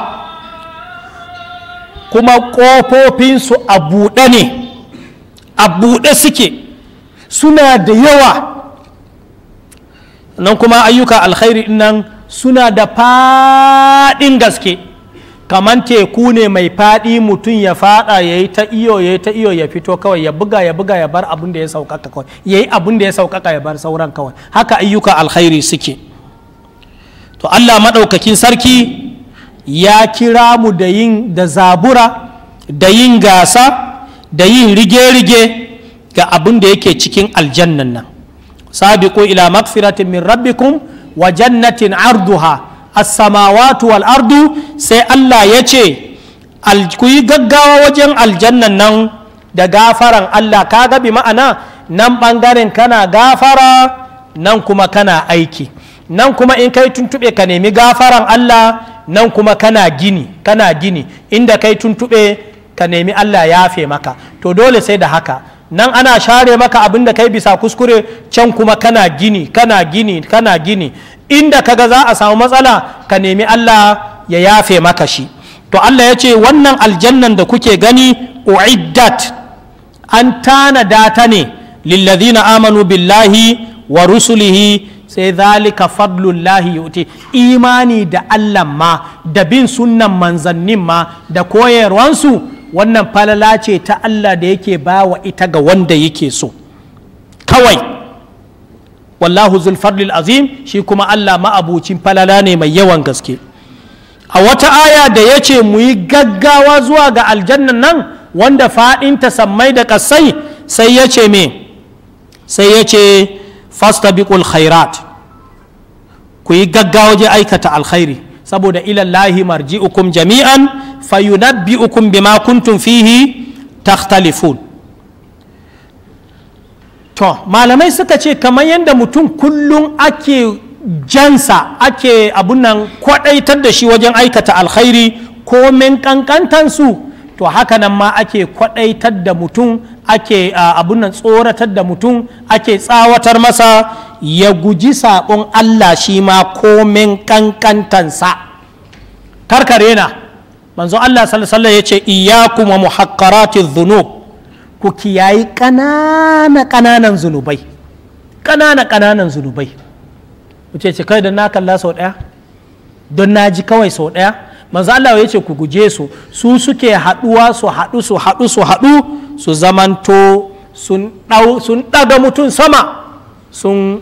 kuma ƙofofinsu a buɗe ne a buɗe suke suna da yawa nan kuma ayyuka alkhairi nan suna da faɗin gaske kaman teku ne mai faɗi mutum ya faɗa ya yi ta iyo ya yi ta iyo ya fito kawai ya buga ya buga ya bar abin da ya saukaka kawai ya yi abin da ya saukaka ya bar sauran kawai haka ayyuka alkhairi suke to allah maɗaukakin sarki ya kira mu da yin da zabura da yin gasa da yin rige-rige ga abin da yake cikin aljannan nan sabiqu ila magfiratin min rabbikum wa jannatin arduha as wal ardu sai Allah ya ce ku yi gaggawa wajen aljannan nan da gafaran Allah ka gabi ma'ana nan ɓangaren kana gafara nan kuma kana aiki nan kuma in kai tuntuɓe ka nemi gafaran Allah nan kuma kana gini kana gini inda kai tuntuɓe ka nemi Allah ya fe maka to dole sai da haka nan ana share maka abin da kai bisa kuskure can kuma kana gini kana gini kana gini inda kaga za a samu matsala ka nemi Allah ya yafe maka shi to Allah ya ce wannan aljannan da kuke gani uiddat an tanada ta ne lillazina amanu billahi wa rusulihi sai zalika fadlullahi yuti imani da Allah ma da bin sunnan manzannin ma da koyarwansu wannan falala ce ta Allah da yake bawa ita ga wanda yake so kawai wallahu zulfadlil azim shi kuma Allah ma'abucin falala ne mai yawan gaske a wata aya da ya ce mu yi gaggawa zuwa ga aljannan nan wanda faɗinta sammai da ƙasai sai ya ce me sai ya ce fastabiqul khairat ku yi gaggawa je aikata alkhairi saboda ilallahi marji'ukum jami'an fayunabbi'ukum bima kuntum fihi takhtalifun to malamai suka ce kamar yadda mutum kullum ake jansa ake abun nan kwadaitar da shi wajen aikata alkhairi ko min kankantansu to haka nan ma ake kwadaitar da mutum ake abun nan tsoratar da mutum ake tsawatar masa ya guji saƙon Allah shi ma ko min kankantansa karkare na manzo Allah sallallahu ya ce iyakum wa muhaqqaratiz dhunub ku kiyayi ƙanana ƙananan zunubai ƙanana ƙananan zunubai ku ce kai don na kalla sau ɗaya don na ji kawai sau ɗaya manzo Allah ya ce ku guje su su suke haɗuwa su haɗu su haɗu su haɗu su zamanto sun ɗaga mutum sama sun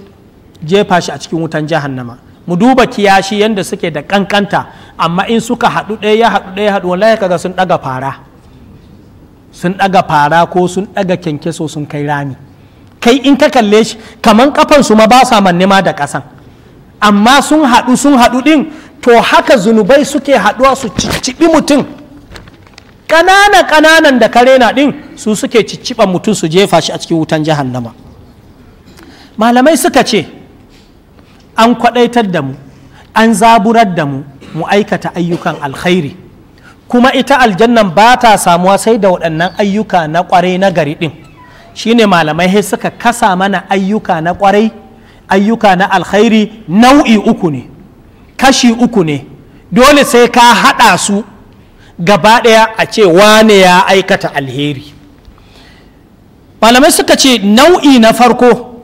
jefa shi a cikin wutan jahannama mu duba kiyashi yanda suke da kankanta amma in suka haɗu ɗaya ya haɗu ɗaya haɗu wallahi kaga sun ɗaga fara sun ɗaga fara ko sun ɗaga kyankyaso sun kai rami kai in ka kalle shi kaman su ma ba sa manne ma da ƙasan amma sun haɗu sun haɗu ɗin to haka zunubai suke haɗuwa su cicciɓi mutum ƙanana ƙananan da kare na ɗin su suke cicciɓa mutum su jefa shi a cikin wutan jahannama malamai suka ce an kwaɗaitar da mu an zaburar da mu mu aikata ayyukan alkhairi kuma ita aljannan ba ta samuwa sai da waɗannan ayyuka na ƙwarai na gari ɗin shi ne malamai sai suka kasa mana ayyuka na ƙwarai ayyuka na alkhairi nau'i uku ne kashi uku ne dole sai ka haɗa su gaba ɗaya a ce wane ya aikata alheri malamai suka ce nau'i na farko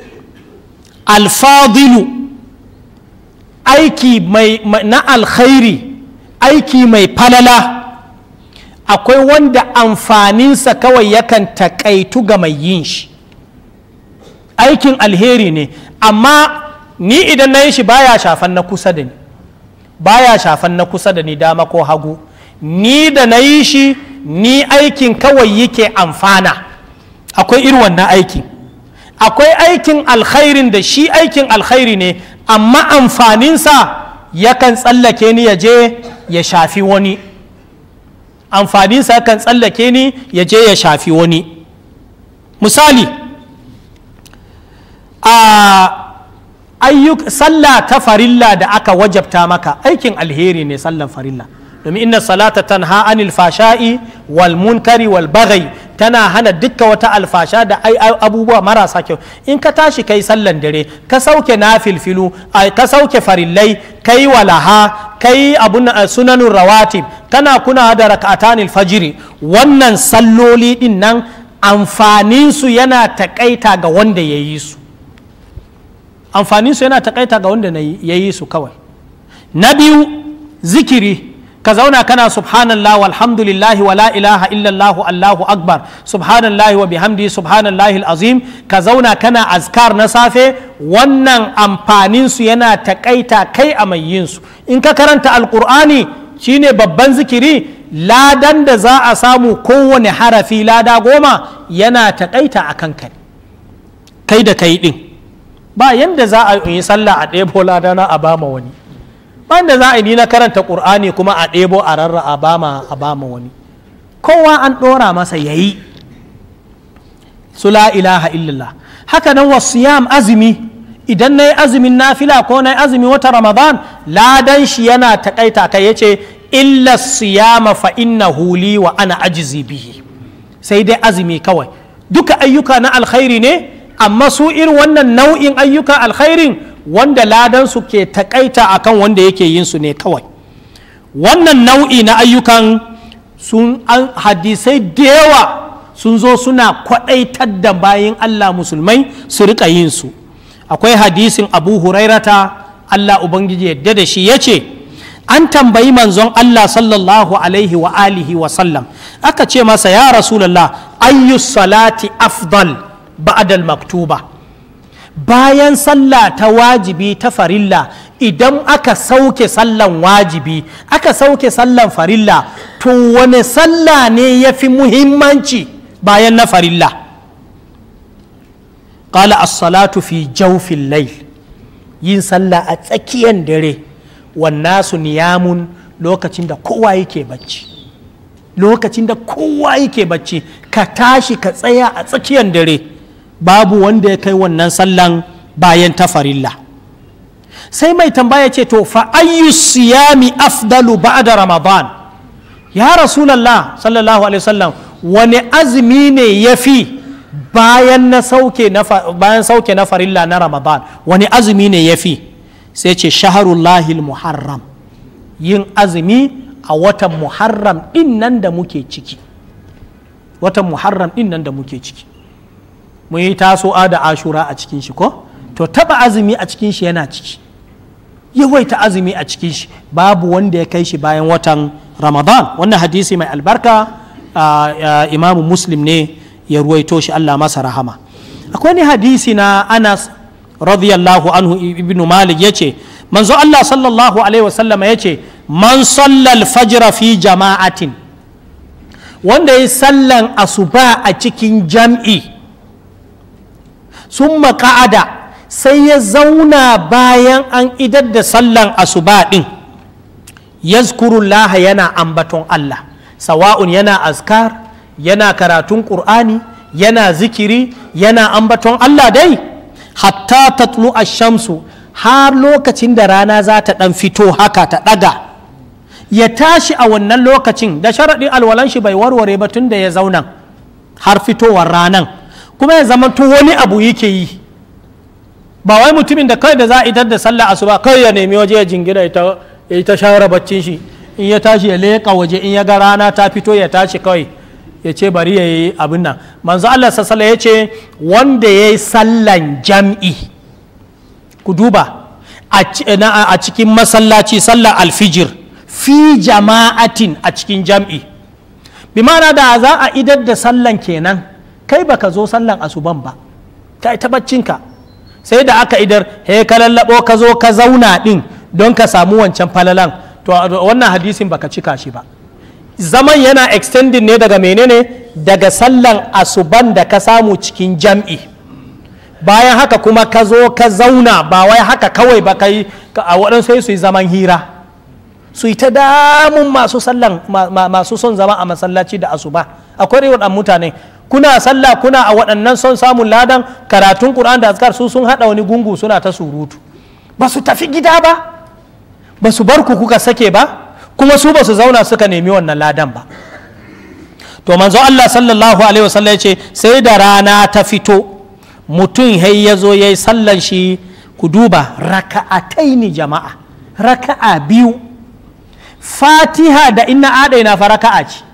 alfadilu aiki na alkhairi aiki mai falala akwai wanda amfaninsa kawai yakan takaitu ga mai yin shi aikin alheri ne amma ni idan na yi shi baya shafan na kusa da ni baya shafan na kusa da ni dama ko hagu ni da na yi shi ni aikin kawai yake amfana akwai irin wannan aikin akwai aikin alkhairin da shi aikin alkhairi ne amma amfaninsa yakan tsallake ni ya je ya shafi wani amfaninsa kan tsallake ni ya je ya shafi wani misali a ayyuk sallah ta farilla da aka wajabta maka aikin alheri ne sallan farilla domin inna salata tanha anil fasha'i wal munkari wal tana hana dukkan wata alfasha da abubuwa marasa kyau in ka tashi kai sallan dare ka sauke nafilfilu ka sauke farillai kai walaha kai abun sunanun rawatib kana kuna da rak'atanil fajiri wannan salloli din nan su yana takaita ga wanda ya yi su yana takaita ga wanda ya yi su kawai na biyu zikiri ka zauna kana subhanallah walhamdulillah la ilaha illallah allahu akbar subhanallah wa bihamdi subhanallah azim ka zauna kana azkar na safe wannan amfanin su yana takaita kai a mai yin su in ka karanta alqur'ani shine babban zikiri ladan da za a samu kowane harafi lada goma yana takaita a kanka kai da kai din ba yanda za a yi sallah a ɗebo ladana a bama wani Wanda za a yi na karanta ƙur'ani kuma a ɗebo a rarra a bama a bama wani kowa an ɗora masa ya yi su la ilaha illallah haka nan wasiyam azumi idan na yi azumin nafila ko na yi azumin wata ramadan ladan shi yana taƙaita ta yace illa siyama fa inna huli wa ana ajizi bihi sai dai azumi kawai duka ayyuka na alkhairi ne amma su irin wannan nau'in ayyuka alkhairin wanda ladansu ke takaita kan wanda yake yin su ne kawai wannan nau'i na ayyukan sun hadisai da yawa sun zo suna kwaɗaitar da bayan Allah musulmai su riƙa yin su akwai hadisin abu hurairata Allah Ubangiji yadda da shi ya ce an tambayi manzon Allah sallallahu alaihi wa alihi wa sallam aka ce masa ya rasulallah ayyus salati afdal ba'adal maktuba bayan sallah ta wajibi ta farilla idan aka sauke sallan wajibi aka sauke sallan farilla to wani sallah ne ya fi muhimmanci bayan na farilla ƙala as-salatu fi jaufin lai. yin sallah a tsakiyar dare wannasu niyamun lokacin da kowa yake bacci lokacin da kowa yake bacci ka tashi ka tsaya a tsakiyar dare babu wanda ya kai wannan sallan bayan ta farilla sai mai tambaya ce to fa ayyu siyami afdalu ba'da ramadan ya rasulallah sallallahu alaihi wasallam wani azumi ne ya fi bayan na sauke na bayan sauke na farilla na ramadan wani azumi ne ya fi sai ce shaharullahil muharram yin azumi a watan muharram din nan da muke ciki watan muharram din nan da muke ciki mu yi a da ashura a cikin shi ko to taba azumi a cikin shi yana ciki yawaita azumi a cikin shi babu wanda ya kai shi bayan watan ramadan wannan hadisi mai albarka imamu muslim ne ya ruwaito shi allah masa rahama akwai ni hadisi na anas radiyallahu anhu ibnu malik yace, manzo allah sallallahu alaihi wasallama ya ce man sallal fajra fi jama'atin wanda ya sallan asuba a cikin jam'i sun maka'ada sai ya zauna bayan an idar da sallan asuba ɗin yazkurullaha yana ambaton Allah sawa'un yana azkar yana karatun ƙur'ani yana zikiri yana ambaton Allah dai hatta tatlu shamsu har lokacin da rana za ta ɗan fito haka ta ɗaga ya tashi a wannan lokacin da sharaɗin alwalan shi bai warware ba tun da ya zauna har fitowar ranan kuma ya zama to wani abu yake yi ba wai mutumin da kai da za a idar da sallah asuba kai ya nemi waje ya jingira ya ta shawara baccin shi in ya tashi ya leƙa waje in ya ga rana ta fito ya tashi kawai ya ce bari ya yi abin nan manzo Allah sassala ya ce wanda ya yi sallan jam'i ku duba a cikin masallaci sallar alfijir fi jama'atin a cikin jam'i bi ma'ana da za a idar da sallan kenan kai baka zo sallan asuban ba kai ta baccinka sai da aka idar he ka lallabo ka zo ka zauna ɗin don ka samu wancan falalan to wannan hadisin baka cika shi ba zaman yana extending ne daga menene daga sallan asuban da ka samu cikin jam'i bayan haka kuma ka zo ka zauna ba wai haka kawai ba kai a waɗansu sai su yi zaman hira su yi ta damun masu sallan son zama a masallaci da asuba akwai ɗan mutane kuna sallah kuna a waɗannan son samun ladan karatun Qur'an da azkar su sun haɗa wani gungu suna ta surutu ba su tafi gida ba ba su bar ku kuka sake ba kuma su ba su zauna suka nemi wannan ladan ba to manzo Allah sallallahu alaihi wasallam ce sai da rana ta fito mutum hai ya zo yayi sallan shi ku duba raka'ataini jama'a raka'a biyu fatiha da inna adaina fa raka'a ce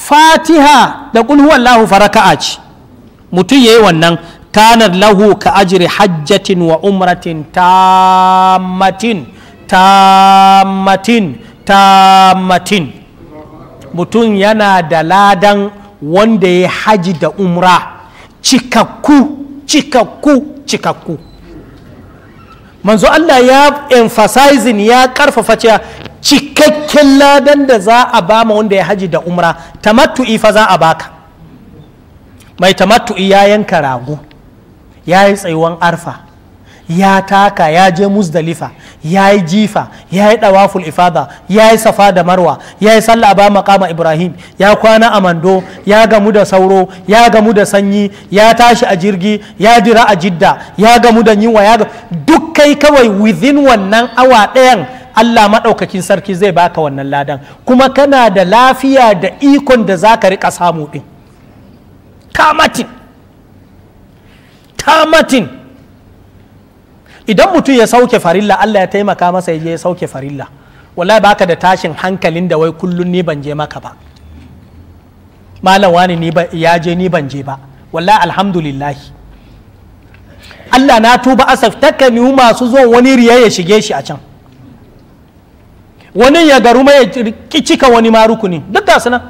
fatiha da kul huwallahu faraka'a ce mutum ya yi wannan kanar lahu ka ajiye hajjatin wa umratin tamatin, tamatin, tamatin. mutum yana da ladan wanda ya haji da umra cikakku cikakku cikakku manzo Allah ya emphasizing ya karfafa cewa cikakken ladan da za a ba ma wanda ya haji da umra tamattu'i fa za a baka mai tamattu'i ya yanka rago ya yi tsayuwan arfa ya taka ya je musdalifa. ya yi jifa ya yi ɗawaful ifada ya yi safa da marwa ya yi sallah ba makama ibrahim ya kwana a mando ya gamu da sauro ya gamu da sanyi ya tashi a jirgi ya jira a jidda ya gamu da yunwa ya duk kai kawai within wannan awa ɗayan Allah maɗaukakin sarki zai baka wannan ladan kuma kana da lafiya da ikon da za ka riƙa samu ɗin kamatin kamatin idan mutum ya sauke farilla Allah ya taimaka masa ya sauke farilla wallahi baka da tashin hankalin da wai kullum ni ban je maka ba malam wani ni ya je ni ban je ba wallahi alhamdulillahi Allah na tuba asaf takami masu zo wani riya ya shige shi a can wani ya garu mai ki cika wani ma rukuni duk ga sanan.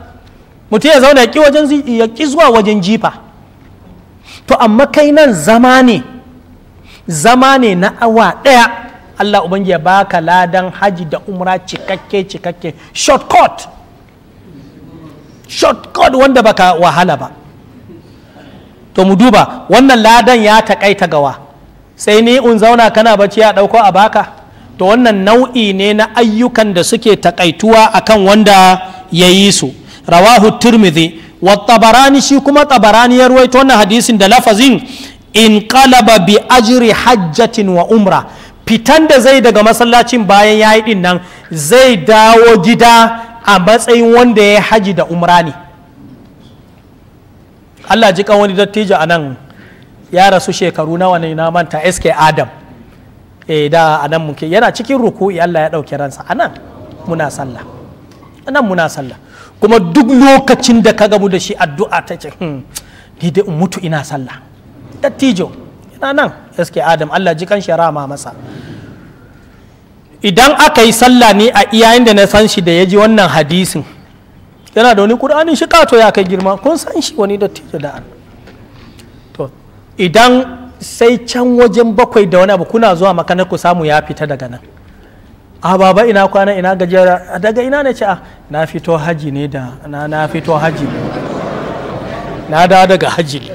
mutum ya zauna ya ki wajen zuwa wajen jifa to amma kai nan zama ne zama ne na awa ɗaya Allah ubangiji ya baka ladan haji da umra cikakke cikakke shortcut shortcut wanda baka wahala ba to mu duba wannan ladan ya takaita gawa sai ni un zauna kana bacci ya dauko a baka to wannan nau'i ne na ayyukan da suke takaituwa akan wanda ya yi su rawahu turmizi wa tabarani shi kuma tabarani ya ruwaito wannan hadisin da lafazin in kalaba bi ajiri hajjatin wa umra fitan da zai daga masallacin bayan ya yi dinnan, zai dawo gida a matsayin wanda ya haji da umra ne Allah ji kan wani dattijo a nan ya rasu shekaru nawa ne na manta SK Adam E da anan muke yana cikin ruku'i Allah ya dauke ransa anan muna sallah anan muna sallah kuma duk lokacin da ka gamu da shi addu'a ta ce hmm, ni dai in mutu ina sallah dattijo yana nan eske Adam Allah ji kan rama masa idan aka yi sallah ne a iyayen da na san shi da ya ji wannan hadisin yana da wani kur'anin shi kato ya kai girma kun san shi wani dattijo da an to idan sai can wajen bakwai da wani abu kuna zuwa makanar ku samu ya fita daga nan a baba ina kwana ina gajera daga ina ne ce ah, na fito haji ne da na fito haji ne na da daga haji ne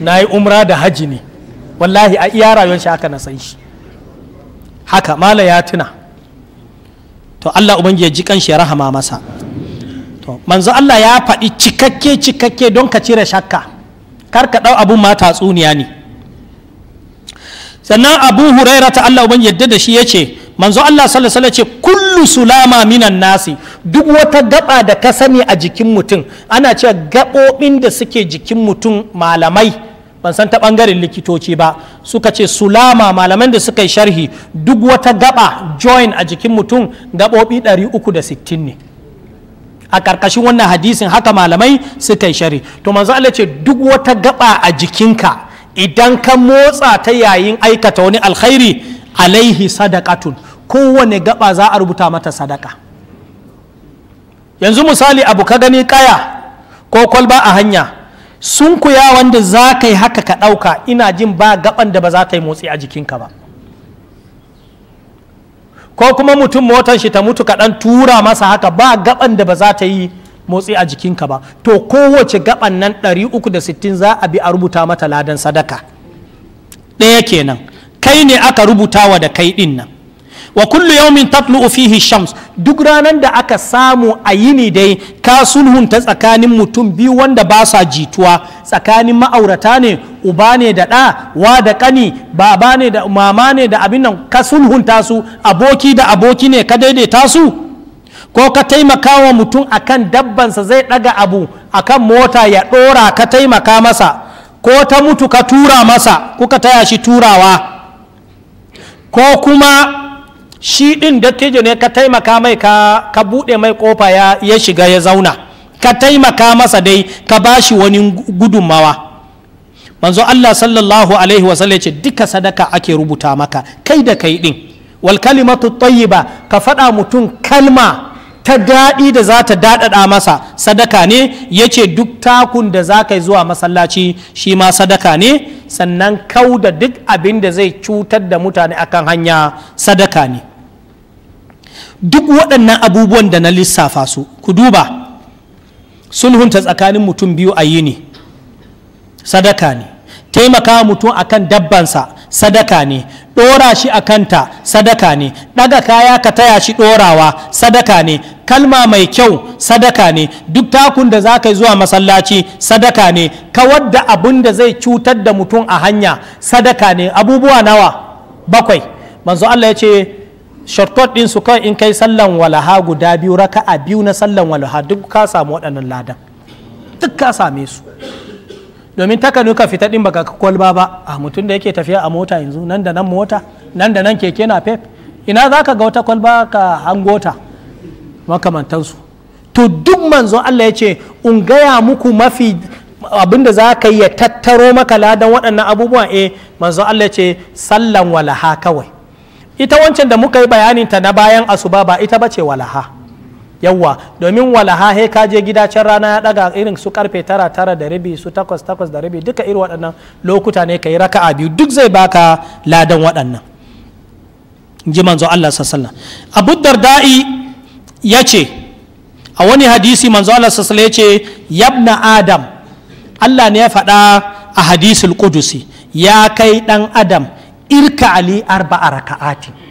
na yi umra da haji ne wallahi a iya rayuwar shi haka na san shi haka mala ya tuna to Allah ubangiji ya ji kanshi ya rahama masa to manzo Allah ya faɗi cikakke cikakke don ka cire shakka kar ka ɗau abun ma tatsuniya ne sannan abu huraira ta allah ban yadda da shi ya ce manzo allah sallallahu ce kullu sulama minan nasi duk wata gaba da ka sani a jikin mutum ana cewa gaɓoɓin da suke jikin mutum malamai ban san ta ɓangaren likitoci ba suka ce sulama malamai da suka yi sharhi duk wata gaba join a jikin mutum gaɓoɓi 360 ne a ƙarƙashin wannan hadisin haka malamai suka yi sharhi to manzo allah ce duk wata gaba a jikinka idan ka motsa ta yayin aikata wani alkhairi alaihi sadaqatun kowane gaba za a rubuta mata sadaka yanzu misali abu ka gani kaya ko kwalba a hanya sun kuya wanda za ka yi haka ka ɗauka ina jin ba gaban da ba za ta yi motsi a jikinka ba ko kuma mutum motar shi ta mutu kaɗan tura masa haka ba gaban da ba za ta yi motsi a jikinka ba to kowace gaban nan 360 za a bi a rubuta mata ladan sadaka ɗaya kenan kai ne aka rubuta wa da kai ɗin nan wa kullu yawmin tatlu'u fihi shams duk ranar da aka samu a yini dai ka sulhun ta tsakanin mutum biyu wanda ba sa jituwa tsakanin ma'aurata ne uba ne da ɗa wa da ƙani baba ne da mama ne da abin nan ka sulhun su aboki da aboki ne ka daidaita su ko ka taimaka wa mutum akan dabbansa zai ɗaga abu akan mota ya ɗora ka taimaka masa ko ta mutu ka tura masa kuka taya shi turawa ko kuma shi ɗin dattijo ne ka taimaka mai ka, ka buɗe mai kofa ya, shiga ya zauna ka taimaka masa dai ka ba shi wani gudunmawa manzo Allah sallallahu alaihi wasallam ce duka sadaka ake rubuta maka kai da kai ɗin wal kalimatu tayyiba ka faɗa mutum kalma ta daɗi da za ta daɗaɗa masa sadaka ne ya ce duk takun da za ka yi zuwa masallaci shi ma sadaka ne sannan kau da duk abin da zai cutar da mutane akan hanya sadaka ne duk waɗannan abubuwan da na lissafa su ku duba sulhunta tsakanin mutum biyu a yini sadaka ne taimaka mutum akan dabbansa sadaka ne ɗora shi a kanta sadaka ne ɗaga kaya ka taya shi ɗorawa sadaka ne kalma mai kyau sadaka ne duk takun da za ka yi zuwa masallaci sadaka ne kawar da abun da zai cutar da mutum a hanya sadaka ne abubuwa nawa bakwai manzo Allah ya ce shortcut ɗin su kawai in kai sallan walaha guda biyu raka'a biyu na sallan walaha duk ka samu waɗannan ladan duk ka same su domin taka ka fita din baka kwalba ba a ah, mutum da yake tafiya a mota yanzu nan da nan mota nan da nan keke na pep ina za ka ga wata kwalba ka hangota makamantansu to duk manzo Allah ya ce in gaya muku mafi abinda za ka yi tattaro maka ladan waɗannan abubuwan eh manzo Allah ya ce sallan walaha kawai ita wancan da muka yi bayanin ta na bayan asuba ba ita ba ce walaha yawwa domin walaha he ka je gida can rana ya daga irin su karfe tara tara da rabi su takwas takwas da rabi duka irin waɗannan lokuta ne ka yi raka'a biyu duk zai baka ladan waɗannan in ji manzo Allah sallallahu abu darda'i ya ce a wani hadisi manzo Allah sallallahu ya ce yabna adam Allah ne ya faɗa a hadisul qudusi ya kai dan adam irka ali arba'a raka'atin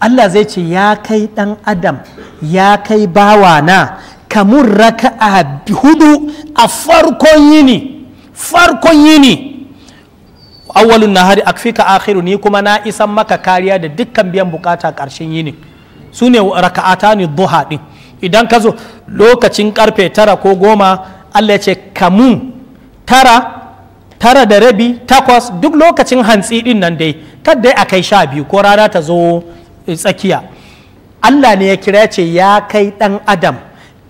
Allah zai ce ya kai ɗan adam ya kai bawana kamun raka a hudu a farkon yini farkon yini na hari akfika akhiru ni kuma na isan maka kariya da dukkan biyan bukata karshen yini su ne raka'ata ne duha din idan ka zo lokacin karfe tara ko goma Allah ya ce kamun tara tara da rabi takwas duk lokacin hantsi din nan dai kadai a kai sha biyu ko rana ta zo Eh, tsakiya Allah ne ya kira ce ya kai ɗan adam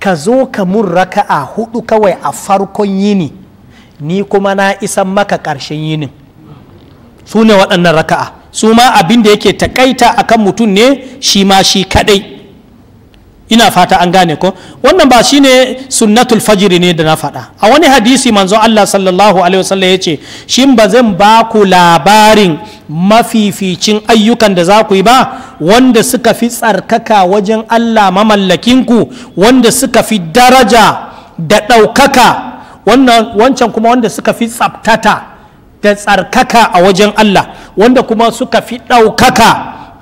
ka zo ka mun raka'a hudu kawai a farkon yini ni kuma na isan maka ƙarshen yinin su ne waɗannan raka'a su ma abin da yake takaita akan mutum ne shi ma shi kaɗai ina fata an gane ko wannan ba shine sunnatul fajiri ne da na faɗa a wani hadisi manzo Allah sallallahu alaihi wasallam yace shin ba zan ba ku labarin mafificin ayyukan da za ku yi ba wanda suka fi tsarkaka wajen Allah mamallakinku wanda suka fi daraja da ɗaukaka wancan kuma wanda suka fi tsabtata da tsarkaka a wajen Allah wanda kuma suka fi ɗaukaka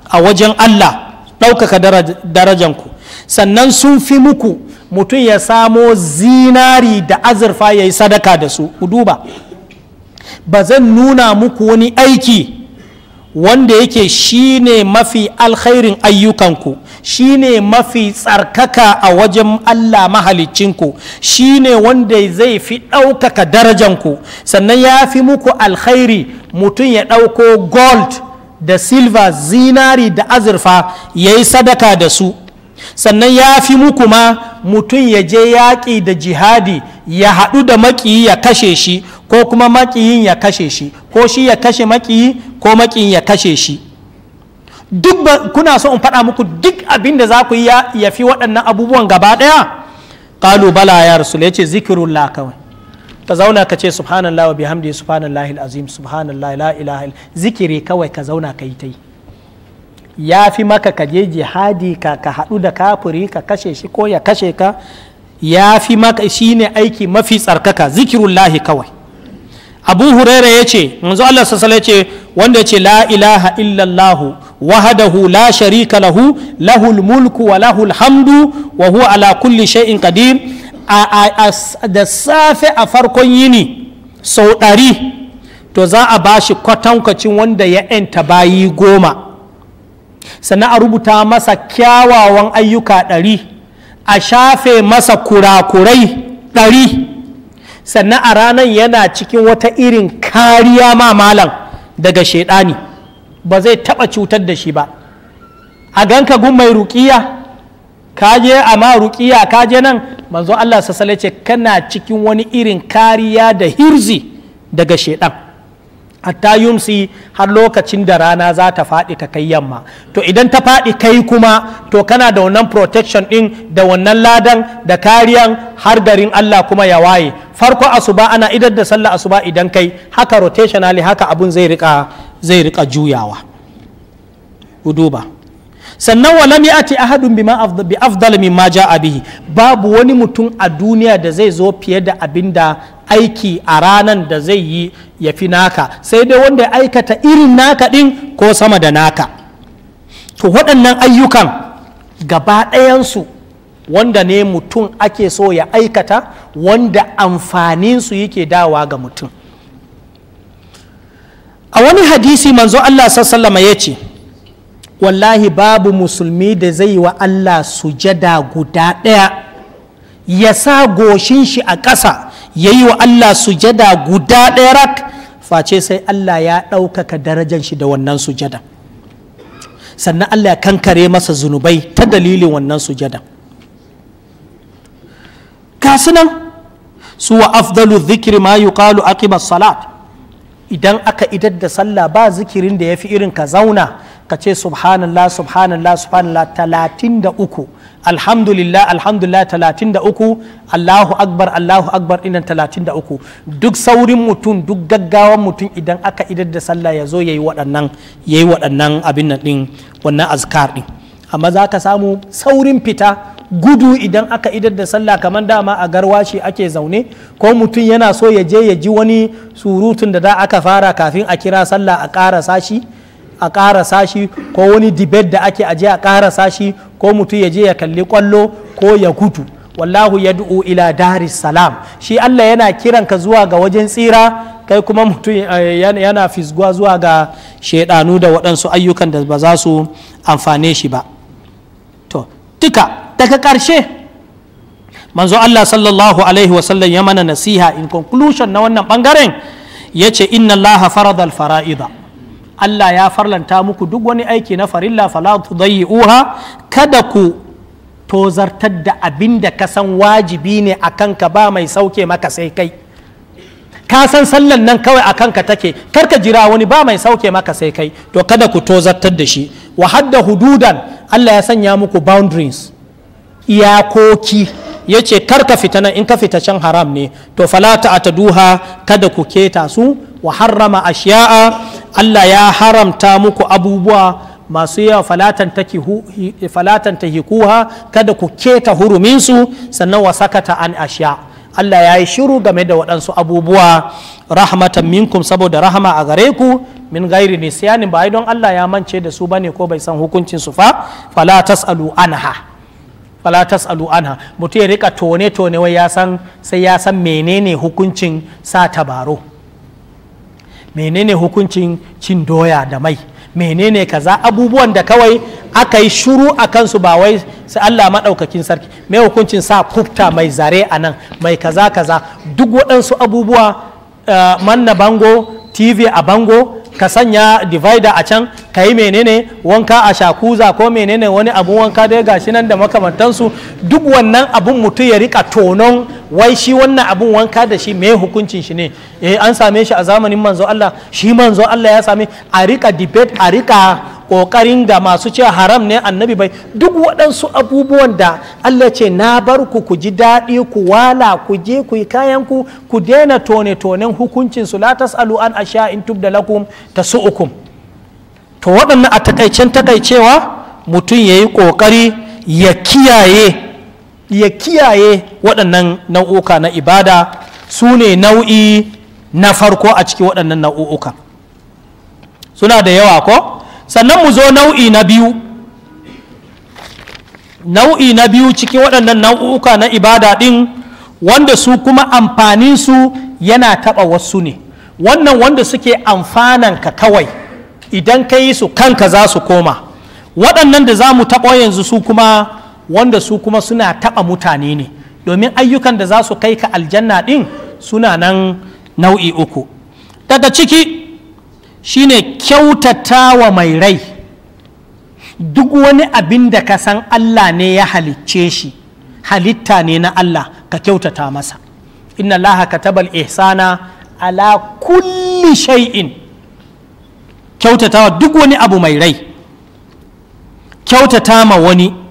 a wajen Allah ɗaukaka darajanku sannan sun fi muku mutum ya samo zinari da azurfa ya yi sadaka da su ku duba ba zan nuna muku wani aiki wanda yake shine mafi alkhairin ayyukanku shine mafi tsarkaka a wajen Allah mahalicinku shine wanda zai fi ɗaukaka darajanku sannan ya fi muku alkhairi mutum ya ɗauko gold da silva zinari da azurfa ya yi sadaka da su sannan ya fi muku ma mutum ya je yaƙi da jihadi ya haɗu da maƙiyi ya kashe shi ko kuma maƙiyin ya kashe shi ko shi ya kashe maƙiyi ko maƙiyin ya kashe shi duk kuna so in faɗa muku duk abin da za ku yi ya fi waɗannan abubuwan gaba ɗaya ƙalubala ya rasu ya ce zikirullah kawai ka zauna ka ce subhanallah wa bihamdi subhanallahi azim subhanallah la ilaha zikiri kawai ka zauna ka yi ta yi ya fi maka ka je jihadi ka ka haɗu da kafuri ka kashe shi ko ya kashe ka ya fi maka shine aiki mafi tsarkaka zikirullahi kawai abu huraira ya ce manzo Allah sassala ya ce wanda ce la ilaha illallah wahadahu la sharika lahu lahul mulku wa lahul hamdu wa huwa ala kulli shay'in qadir da safe a farkon yini sau ɗari to za a ba shi kwatankwacin wanda ya ‘yanta bayi goma sannan a rubuta masa kyawawan ayyuka ɗari a shafe masa kurakurai ɗari sannan a ranar yana cikin wata irin kariya ma malam daga shaidani ba zai taɓa cutar da shi ba a ganka gun mai ruƙiya ka je a ma ruƙiya ka nan manzo Allah sassale ce kana cikin wani irin kariya da hirzi daga shaidan hatta yumsi har lokacin da rana za ta faɗi ta kai yamma to idan ta faɗi kai kuma to kana da wannan protection ɗin da wannan ladan da kariyan har garin Allah kuma ya waye farko asuba ana idar da sallah asuba idan kai haka rotationally haka abun zai rika zai rika juyawa duba sannan wa lam ati ahadun bima bi afdal mimma ja'a bihi babu wani mutum a duniya da zai zo fiye da abinda aiki a ranan da zai yi ya fi naka sai dai wanda ya aikata irin naka din ko sama da naka to waɗannan ayyukan gaba ɗayansu wanda ne mutum ake so ya aikata wanda amfaninsu yake dawa ga mutum a wani hadisi manzo Allah sallama ya ce wallahi babu musulmi da zai yi wa Allah sujada guda ɗaya ya sa goshin shi a ƙasa ya yi wa Allah sujada guda ɗaya rak face sai Allah ya ɗaukaka darajan shi da wannan sujada sannan Allah ya kankare masa zunubai ta dalilin wannan sujada kasunan su wa afdalu zikiri ma yuqalu aqibas salat idan aka idar da sallah ba zikirin da ya fi irin ka zauna ka ce subhanallah subhanallah subhanallah talatin da uku alhamdulillah alhamdulillah talatin da uku allahu akbar allahu akbar inan talatin da uku duk saurin mutum duk gaggawan mutum idan aka idar da sallah ya zo ya yi waɗannan ya yi waɗannan abin nan ɗin wannan azkar ɗin amma za ka samu saurin fita gudu idan aka idar da sallah kamar dama a garwashi ake zaune ko mutum yana so ya je ya ji wani surutun da da aka fara kafin a kira sallah a ƙara sashi a ƙara sashi ko wani dibet da ake aje a ƙara sashi ko mutum ya je ya kalli kwallo ko ya gudu wallahu ya du'u ila daris salam shi Allah yana kiran ka zuwa ga wajen tsira kai kuma mutum eh, yana fisguwa zuwa ga shaidanu da waɗansu ayyukan da ba za su amfane shi ba to duka daga ƙarshe manzo Allah sallallahu alaihi wasallam ya mana nasiha in conclusion na wannan ɓangaren ya ce inna Allah farada al-fara'ida Allah ya farlanta muku duk wani aiki na farilla Falatu fala uha. kada ku tozartar da abin da ka san wajibi ne a kanka ba mai sauke maka sai kai ka san sallan nan kawai a kanka take karka jira wani ba mai sauke maka sai kai to kada ku tozartar da shi wa hadda hududan Allah ya sanya muku boundaries iyakoki ya ce karka fita nan in ka fita can haram ne to falata ta duha kada ku keta su wa harrama ashiya'a Allah ya haramta muku abubuwa masu yawa falatan ta hikuha kada ku keta huruminsu sannan wa sakata an ashiya Allah ya yi shiru game da waɗansu abubuwa rahmatan minkum saboda rahama a gare ku min gairi siyanin ba don Allah ya mance da su ba ne ko bai san hukuncin su fa falatas tasalu anha fala tasalu anha mutum ya rika tone tone wai ya san sai ya san menene hukuncin sa tabaro menene hukuncin cin doya da mai menene kaza abubuwan da kawai aka yi shuru a kansu ba wai sai Allah maɗaukakin sarki mai hukuncin sa kufta mai zare a nan mai kaza kaza duk waɗansu abubuwa eh, manna bango tv a bango ka sanya divider a can ka yi menene wanka a shakuza ko menene wani abu wanka dai gashi nan da makamantansu duk wannan abun mutum ya rika tonon wai shi wannan abun wanka da shi me hukuncin shi ne eh an same shi a zamanin manzo Allah shi manzo Allah ya same a rika debate a rika kokarin da masu cewa haram ne annabi bai duk waɗansu abubuwan da Allah ce na bar ku ku ji daɗi ku wala ku je ku yi kayan ku ku daina tone tonen hukuncin su la tasalu an asha in tubda lakum tasu'ukum to waɗannan a takaicen takaicewa mutum yayi kokari ya kiyaye ya kiyaye waɗannan nau'uka na ibada su ne nau'i na farko a ciki waɗannan nau'uka suna da yawa ko sannan mu zo nau'i na biyu nau'i na biyu cikin waɗannan nau'uka na ibada ɗin wanda su kuma amfaninsu yana taɓa wasu ne wannan wanda suke ka kawai idan ka yi su kanka za su koma waɗannan da za mu taɓa yanzu su kuma wanda su kuma suna taɓa mutane ne domin ayyukan da za su kai ka aljanna ɗin suna nan nau'i uku daga ciki shine kyautata wa mai rai duk wani abin da ka san Allah ne ya halicce shi halitta ne na Allah ka kyautata masa inna laha katabal ihsana ala kulli shay'in kyautatawa duk wani abu mai rai kyautata ma wani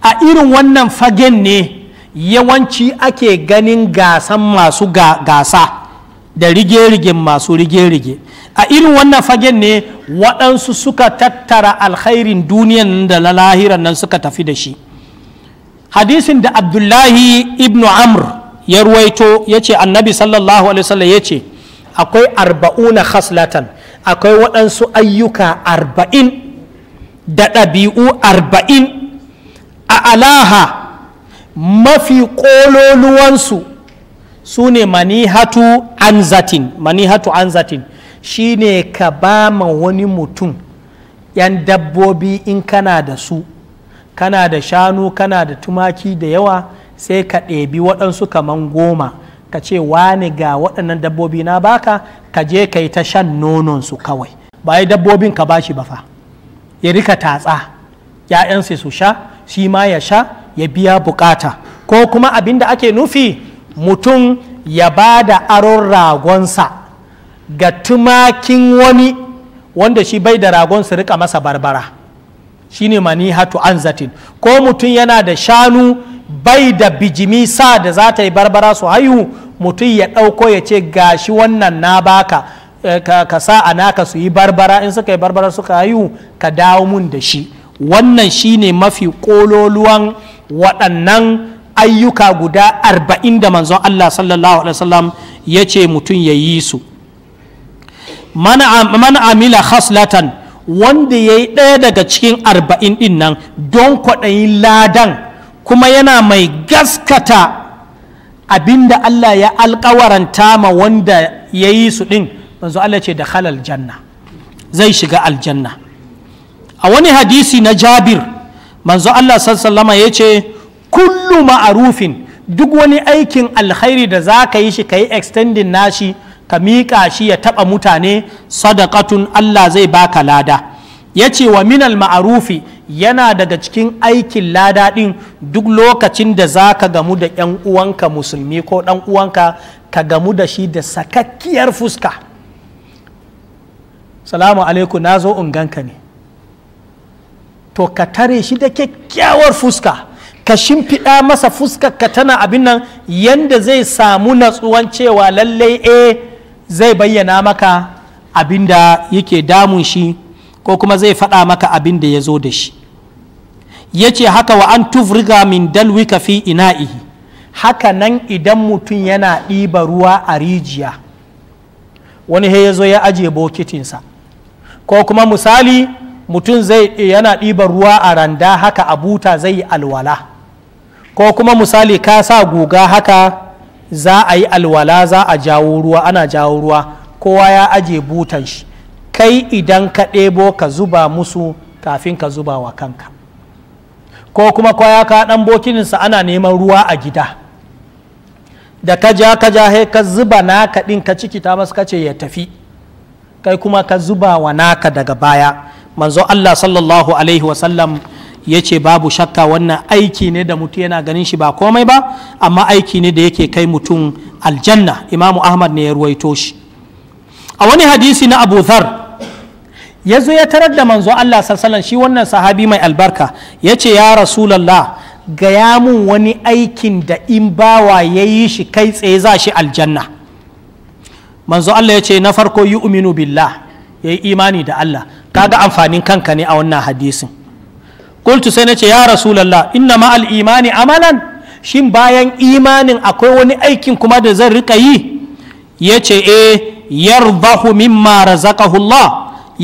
a irin wannan fagen ne yawanci ake ganin gasan masu gasa da rige-rigen masu rige-rige a irin wannan fagen ne waɗansu suka tattara alkhairin duniyan da na lahiran nan suka tafi da shi hadisin da abdullahi ibnu amr ya ruwaito ya ce annabi sallallahu alaihi wasallam ya ce akwai arba'una khaslatan akwai waɗansu ayyuka arba'in da ɗabi'u arba'in a alaha mafi ƙololuwansu su ne manihatu anzatin manihatu anzatin shi ne ka ba ma wani mutum 'yan dabbobi in kana da su kana da shanu kana da tumaki da yawa sai ka ɗebi waɗansu kaman goma ka ce wani ga waɗannan dabbobi na baka ka je ka yi ta shan nononsu kawai ba yi dabbobin ka bashi ba fa ya rika tatsa ya'yansu su sha shi ma ya sha ya biya bukata ko kuma abin da ake nufi mutum ya ba da aron ragonsa ga tumakin wani wanda shi bai da ragon su rika masa barbara shine an anzatin ko mutum yana da shanu bai da bijimi sa da za ta yi barbara su haihu mutum ya ɗauko ya ce gashi wannan na baka eh, ka sa a naka su yi barbara in suka yi barbara suka haihu ka dawo mun da shi wannan shine mafi kololuwan waɗannan ayyuka guda arba'in da manzon Allah sallallahu alaihi wasallam ya ce mutum ya yi su man amila khaslatan wanda ya yi ɗaya daga cikin arba'in ɗin nan don kwaɗayin ladan kuma yana mai gaskata abinda Allah ya alkawaranta ma wanda ya yi su ɗin manzo Allah ce da halal janna zai shiga aljanna a wani hadisi na jabir manzo Allah sallama ya ce kullu ma'arufin duk wani aikin alkhairi da za ka yi shi ka yi extending nashi ka miƙa shi ya taɓa mutane sadakatun Allah zai baka lada ya ce wa minal ma'arufi yana daga cikin aikin lada ɗin duk lokacin da za ka gamu da 'yan uwanka musulmi ko ɗan uwanka ka gamu da shi da sakakkiyar fuska salamu alaikum na zo in ganka ne to ka tare shi da kyakkyawar fuska ka shimfiɗa masa fuska ka tana abin nan yanda zai samu natsuwan cewa lallai e zai bayyana maka abin da yake damun shi ko kuma zai faɗa maka abin da ya zo da shi ya ce haka wa an tufriga min dalwika fi ina'ihi haka nan idan mutum yana ɗiba ruwa a rijiya wani ya zo ya ajiye bokitinsa ko kuma misali mutum zai eh, yana ɗiban ruwa a randa haka a buta zai yi alwala ko kuma misali ka sa guga haka za a yi alwala za a jawo ruwa ana jawo ruwa kowa ya aje butan shi kai idan ka ɗebo ka zuba musu kafin ka zuba wa kanka ko kuma kwaya ka ɗan bokininsa ana neman ruwa a gida da ka ja ka ja he ka zuba naka ɗin ka ciki ta masu kace ya tafi kai kuma ka zuba wa naka daga baya manzo Allah sallallahu alaihi wasallam ya ce babu shakka wannan aiki ne da mutum yana ganin shi ba komai ba amma aiki ne da yake kai mutum aljanna imamu ahmad ne ya ruwaito shi a wani hadisi na abu zar ya zo ya tarar da manzo allah sallallahu shi wannan sahabi mai albarka ya ce ya rasulallah gaya mun wani aikin da in bawa ya yi shi kai tsaye za shi aljanna manzo allah ya ce na farko yi uminu billah ya yi imani da allah kaga amfanin kanka ne a wannan hadisin kultu sai na ce ya rasulallah inna ma'al imani amalan shin bayan imanin akwai wani aikin kuma da zan rika yi Ya yace eh yardahu mimma razaqahu Allah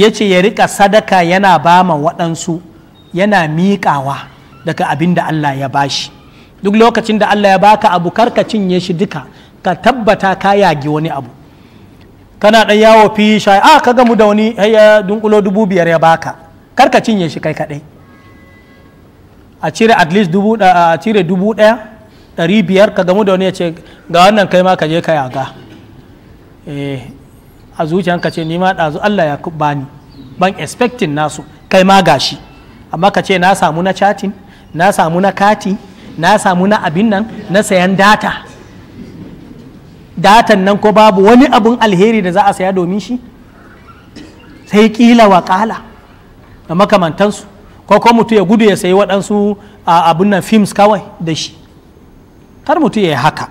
yace ya rika sadaka yana bama waɗansu yana miƙawa daga abin da Allah ya bashi duk lokacin da Allah ya baka abu karka cinye shi duka ka tabbata ka yagi wani abu kana ɗan yawo fi shayi a ah, ka gamu da wani eh, ya dunkulo dubu biyar ya baka kar ka cinye shi kai kaɗai a cire at least dubu a cire dubu ɗaya ɗari biyar ka gamu da wani ya ce ga wannan kai ma ka je ka yaga eh, a ka ce ni ma ɗazu Allah ya bani ban expecting nasu kai ma gashi amma ka ce na samu na chatting na samu na kati na samu na abin nan na sayan data datan nan ko babu wani abun alheri da za a saya domin shi sai kila wa kala da makamantansu ko ko mutu ya gudu ya sayi waɗansu abun nan films kawai da shi kar mutu ya yi haka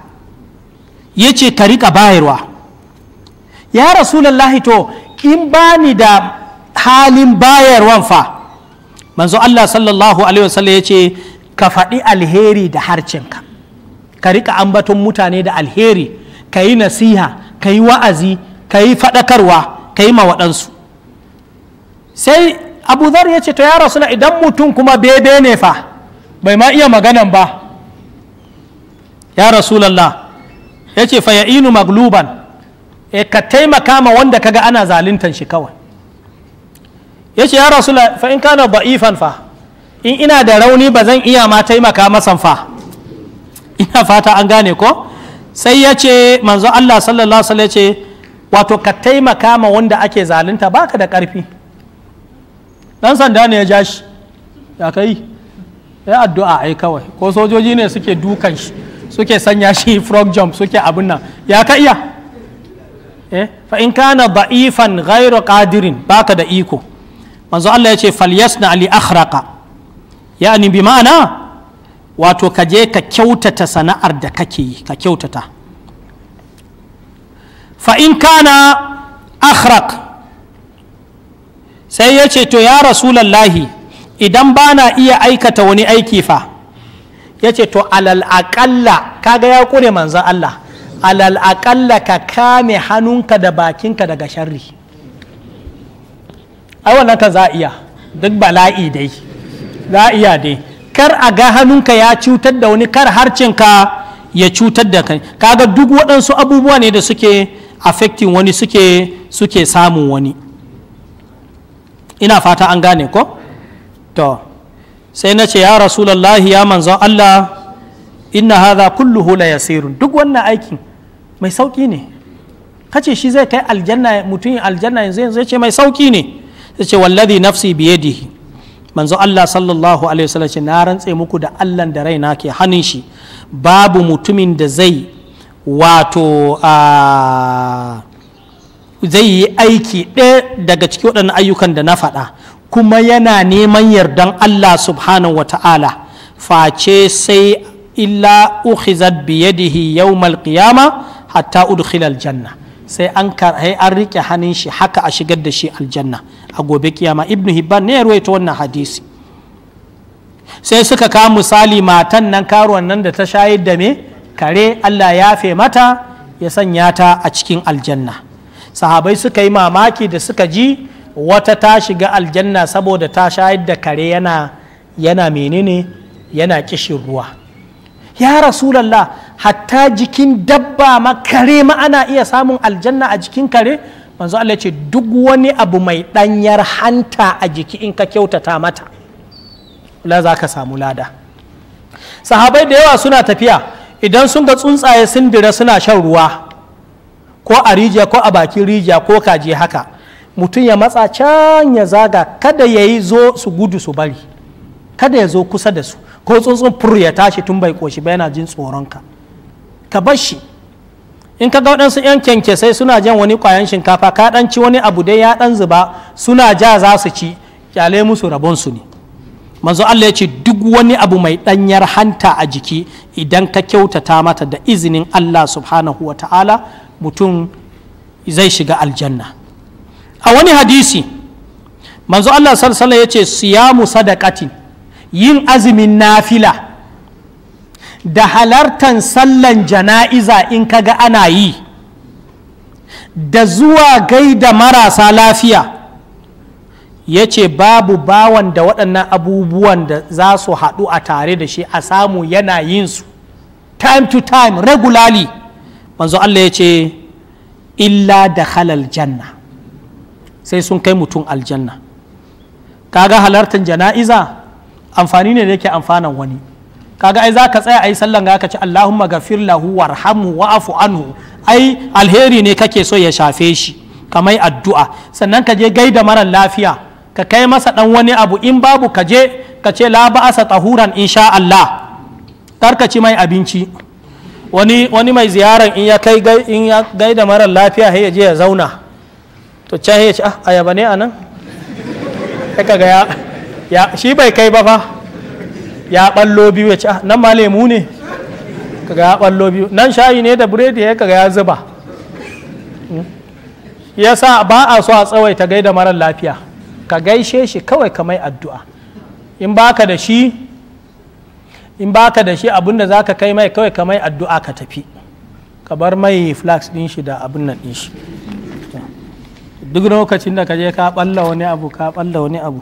ya ce ka riƙa bayarwa ya rasulallahi to in bani da halin bayarwan fa manzo Allah sallallahu alaihi wasallam ya ce ka faɗi alheri da harcinka ka riƙa ambaton mutane da alheri ka yi nasiha ka yi wa'azi ka yi faɗakarwa ka yi mawaɗansu sai abu zar ya ce to ya na idan mutum kuma bebe ne fa bai ma iya maganan ba ya rasulallah ya ce inu magluban e ka taimaka ma wanda kaga ana zaluntar shi kawai ya ce ya rasula fa in kana ba'ifan fa in ina da rauni ba zan iya ma taimaka masan fa ina fata an gane ko sai ya ce manzo Allah sallallahu alaihi wasallam ce wato ka taimaka ma wanda ake zalunta baka da karfi dan sanda ne ya ja shi ya kai ya addu'a ai kawai ko sojoji ne suke dukan shi suke sanya shi (laughs) frog jump suke abin nan ya ka iya eh fa in kana da'ifan qadirin baka da iko manzo Allah ya ce falyasna ali akhraqa yani bi ma'ana wato ka je ka kyautata sana'ar da kake yi ka kyautata fa in kana akhraq sai ya ce to ya rasulallahi idan ba na iya aikata wani aiki fa ya ce to alal aƙalla kaga ya ƙure manzan Allah alal aƙalla ka kame hannunka da bakinka daga sharri ai wannan ka za iya duk bala'i dai za iya dai kar a ga hannunka ya cutar da wani kar harcinka ya cutar da kai kaga duk waɗansu abubuwa ne da suke affecting wani suke suke samun wani ina fata an gane ko to sai na ce ya rasulallahi ya manzon allah inna hadha kulluhu la yasirun duk wannan aikin mai sauki ne kace shi zai kai aljanna mutum aljanna yanzu yanzu ce mai sauki ne sai ce wallazi nafsi biyadihi manzo Allah sallallahu alaihi wasallam ce na rantse muku da Allah da raina ke hannun shi babu mutumin da zai wato zai yi aiki ɗaya daga cikin waɗannan ayyukan da na faɗa kuma yana neman yardan Allah subhanahu wata'ala face sai illa ukhizat yadihi yawmal qiyama hatta udkhila janna sai an rike hannun shi haka a shigar da shi janna. a gobe kiyama ibnu hibban ne ya ta wannan hadisi sai suka kawo misali matan nan karuwan nan da ta shayar da me kare allah ya fe mata ya sanya ta a cikin aljanna sahabai suka yi mamaki da suka ji wata ta shiga aljanna saboda ta shayar da kare yana yana menene yana kishin ruwa ya rasulallah hatta jikin dabba ma kare ma ana iya samun aljanna a jikin kare manzo Allah ce duk wani abu mai ɗanyar hanta a jiki in ka kyautata mata la za ka samu lada sahabai da yawa suna tafiya idan sun ga tsuntsaye sun dira suna shan ruwa ko a rijiya ko a bakin rijiya ko kaje haka mutum ya matsa can ya zaga kada ya yi zo su gudu su bari kada ya zo kusa da su ko tsuntsun fur ya tashi tun bai koshi ba yana jin tsoronka ka bar shi in ka ga waɗansu 'yan kyankyasai suna jan wani ƙwayan shinkafa ka ɗan ci wani abu dai ya ɗan zuba suna ja za su ci kyale musu rabonsu ne manzo Allah ya ce duk wani abu mai ɗanyar hanta a jiki idan ka kyautata mata da izinin Allah subhanahu wa ta'ala mutum zai shiga aljanna a wani hadisi manzo Allah sallallahu ya ce siyamu sadaqatin yin azumin nafila da halartan sallan jana'iza in kaga ana yi da zuwa gaida marasa lafiya ya ce babu bawan da waɗannan abubuwan da za su haɗu a tare da shi a samu yana yin su time to time regularly manzo Allah ya ce illa da halal janna sai sun kai mutum aljanna kaga halartar jana'iza amfani ne da yake amfanan wani kaga ai zaka tsaya ai sallan ga ka ci Allahumma gafir lahu warhamhu wa'fu anhu ai alheri ne kake so ya shafe shi kamar addu'a sannan ka je gaida marar lafiya ka kai masa dan wani abu in babu ka je ka ce la ba'asa tahuran insha Allah karkaci mai abinci wani wani mai ziyaran in ya kai in ya gaida marar lafiya ya je ya zauna to can ya ce ah ayaba ne anan kaga ya shi bai kai ba fa ya ballo biyu ya ci ah, nan ma lemu ne kaga ya ballo biyu nan shayi ne da biredi ya kaga ya zuba hmm? ya sa ba a so a tsawai ta gaida marar lafiya ka gaishe shi kawai ka mai addu'a in baka da shi in baka da shi abin da zaka kai mai kawai ka mai addu'a ka tafi ka bar mai flax din shi da abin nan din shi duk lokacin da ka je ka balla wani abu ka balla wani abu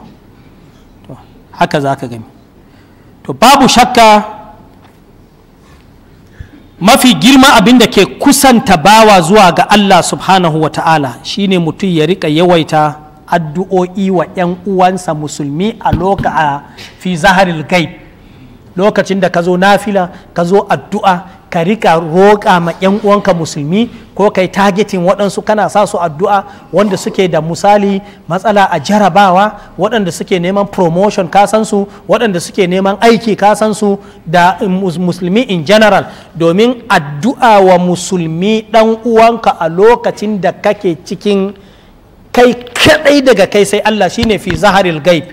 haka za ka gani to babu shakka mafi girma abin da ke kusanta bawa zuwa ga Allah subhanahu wa ta'ala shine mutum ya rika yawaita addu'o'i wa 'yan uwansa musulmi a loka a fi zaharil gaib lokacin da ka zo nafila ka zo addu'a ka rika roƙa ma 'yan uwanka musulmi ko kai targetin waɗansu kana sa su addu'a wanda suke da misali matsala a jarabawa waɗanda suke neman promotion kasansu waɗanda suke neman aiki kasansu da musulmi in general domin addu'a wa musulmi ɗan uwanka a lokacin da kake cikin kai kaɗai daga kai sai Allah shine fi zaharil gaib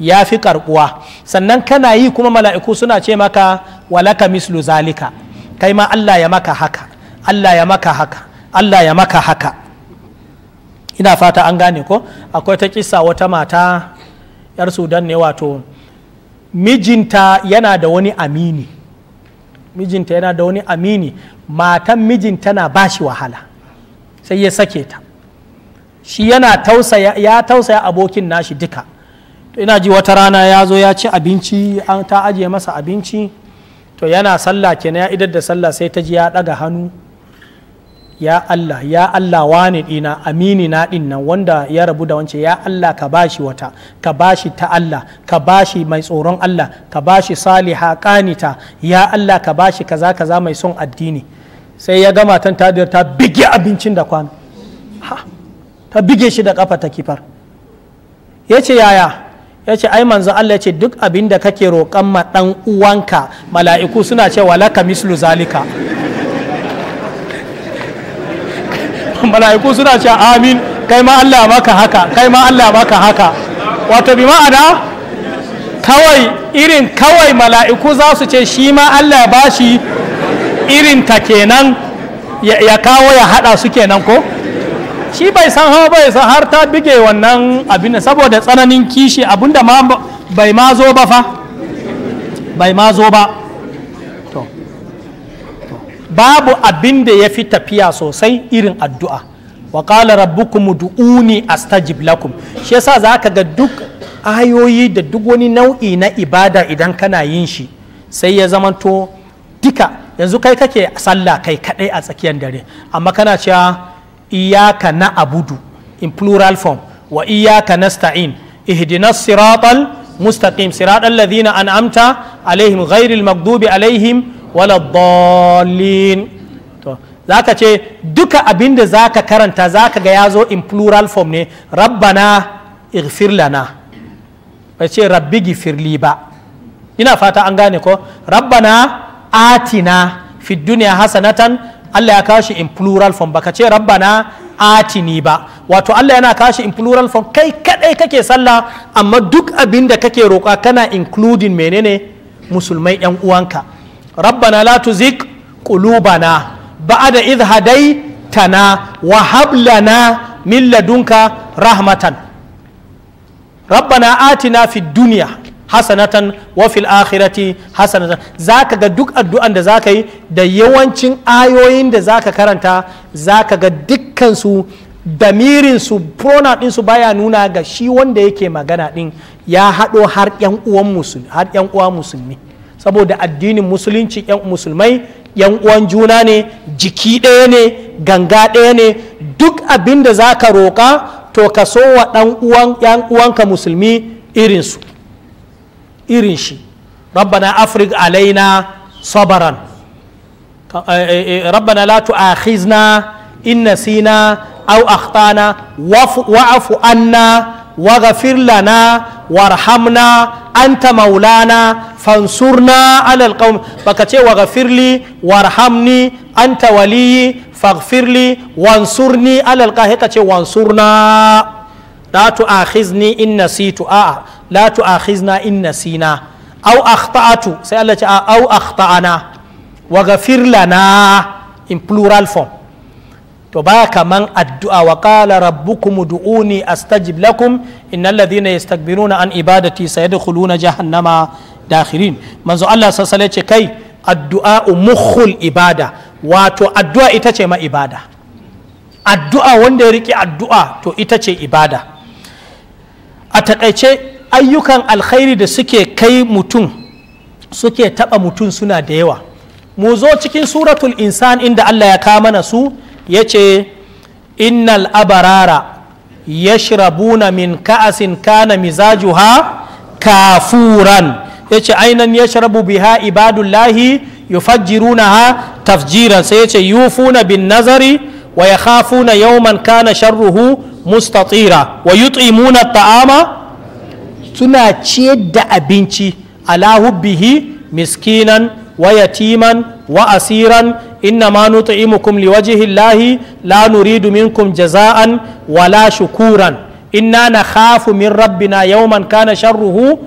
ya fi karɓuwa sannan kana yi kuma mala'iku suna ce maka walaka mislu zalika kai ma Allah ya maka haka Allah ya maka haka Allah ya maka haka ina fata an gane ko akwai ta kisa wata mata yar sudan ne wato mijinta yana da wani amini mijinta yana da wani amini matan mijinta na bashi wahala sai ya sake ta shi yana tausaya ya tausaya abokin nashi duka ina ji wata rana ya zo ya ci abinci an ta ajiye masa abinci to yana sallah kenan ya idar da sallah sai ta ji ya daga hannu ya Allah ya Allah wani dina amini na din wanda ya rabu da wance ya Allah ka bashi wata ka bashi ta Allah ka bashi mai tsoron Allah ka bashi saliha kanita ya Allah ka bashi kaza kaza mai son addini sai ya gama tan ta bige abincin da kwano ta bige shi da kafa ta kifar yace yaya ya ce ai manzo Allah ya ce duk abin da kake roƙan ma ɗan uwanka mala'iku suna cewa laka mislu zalika (laughs) mala'iku suna ce amin kai ma Allah maka haka kai ma Allah maka haka wato bi ma'ana kawai irin kawai mala'iku za su ce shi ma Allah ya bashi irin ta kenan ya kawo ya haɗa su kenan ko shi bai san hawa bai san har ta bige wannan abin saboda tsananin kishi abinda ma bai ma zo ba fa bai ma zo ba babu abin da ya fi tafiya sosai irin addu'a wa qala rabbukum du'uni astajib lakum shi yasa zaka ga duk ayoyi da duk wani nau'i na ibada idan kana yin shi sai ya zama to duka yanzu kai kake sallah kai kadai a tsakiyar dare amma kana cewa iyaka na abudu in plural form wa iyaka nasta'in ihdinas siratal mustaqim siratal ladhina an'amta alaihim ghairil maghdubi alaihim waladdallin to zaka ce duka abinda zaka karanta zaka ga yazo in plural form ne rabbana ighfir lana bai ce rabbi gifirli ba ina fata an gane ko rabbana atina fid Hassanatan. Allah ya kashi in plural form baka ce rabbana atini ba wato Allah yana kashi in plural form kai kadai kake sallah amma duk abin da kake roƙa kana including menene musulmai yan uwanka rabbana la tuzik qulubana ba'da id hadaitana wa hab lana min ladunka rahmatan rabbana atina fid dunya hasanatan wa fil akhirati hasanatan zaka ga duk addu'an da zaka yi da yawancin ayoyin da zaka karanta zaka ga dukkan su damirin su pronoun din su baya nuna ga shi wanda yake magana din ya hado har yan uwan musulmi har yan uwa musulmi saboda addinin musulunci yan musulmai yan uwan juna ne jiki ɗaya ne ganga ɗaya ne duk abin da zaka roka to ka so wa ɗan uwan yan uwanka musulmi irinsu irin shi rabbana afrig alaina sabaran eh, eh, eh, rabbana la tu'akhizna in nasina aw akhtana wa'fu anna waghfir lana warhamna anta maulana fansurna alal qaum baka ce waghfirli warhamni anta waliyi faghfirli wansurni alal qahi ka ce wansurna la tu'akhizni in nasitu a'a la tu'akhizna in nasina aw akhta'atu sai Allah ce aw na wa in plural form to ba kaman addu'a wa qala rabbukum ud'uni astajib lakum innal ladhina yastakbiruna an ibadati sayadkhuluna jahannama dakhirin manzo Allah sallallahu ce kai addu'a mukhul ibada wato addu'a ita ce ma ibada addu'a wanda ya rike addu'a to ita ce ibada a takaice ayyukan alkhairi da suke kai mutum suke taɓa mutum suna da yawa mu zo cikin suratul insan inda Allah ya kama mana su ya ce innal abarara yashrabuna min ka'asin kana mizajuha kafuran ya ce ainihin yashrabu biha ibadullahi yufajjirunaha tafjiran sai ya ce yufuna bin nazari wa yakhafuna yawman kana sharruhu mustatira wa yut'imuna ta'ama suna ciyar da abinci ala hubbihi miskinan wa yatiman wa asiran inna ma nut'imukum liwajhi llahi la nuridu minkum jaza'an wala shukuran inna nakhafu min rabbina yawman kana sharruhu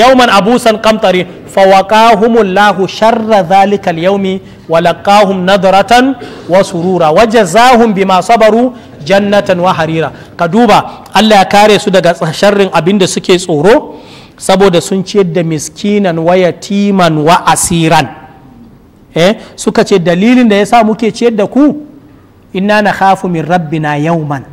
yawman abusan qamtari fawaqahumullahu sharra dhalika alyawmi wa laqahum nadratan wa surura wa jazahum bima sabaru jannatan wa harira ka duba Allah ya kare su daga sharrin abin da suke tsoro saboda sun ciyar da miskinan wa yatiman wa asiran eh suka ce dalilin da yasa muke ciyar da ku inna na khafu min rabbina yauman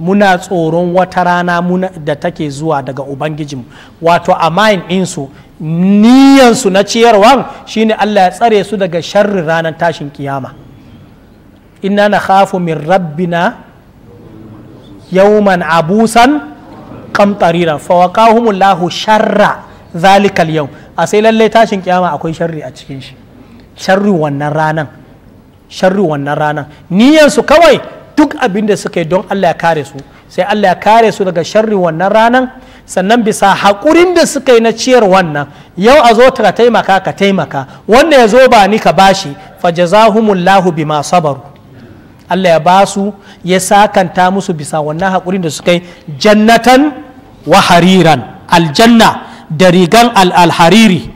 muna tsoron wata rana muna da take zuwa daga ubangijinmu wato a mayin insu niyansu na ciyarwa shine Allah ya tsare su daga sharrin ranar tashin kiyama inna na khafu min rabbina yawman abusan kamtarira fa sharra zalikal yau a sai lallai tashin kiyama akwai sharri a cikin shi sharri wannan ranan sharri wannan ranan niyan su kawai duk abin da suka yi don Allah ya kare su sai Allah ya kare su daga sharri wannan ranan sannan bisa haƙurin da suka yi na ciyar wannan yau a zo ka taimaka ka taimaka wanda ya zo ba ni ka bashi fa jazahumullahu bima sabaru Allah ya ba su ya sakanta musu bisa wannan haƙurin da suka yi jannatan wa hariran aljanna da rigan alhariri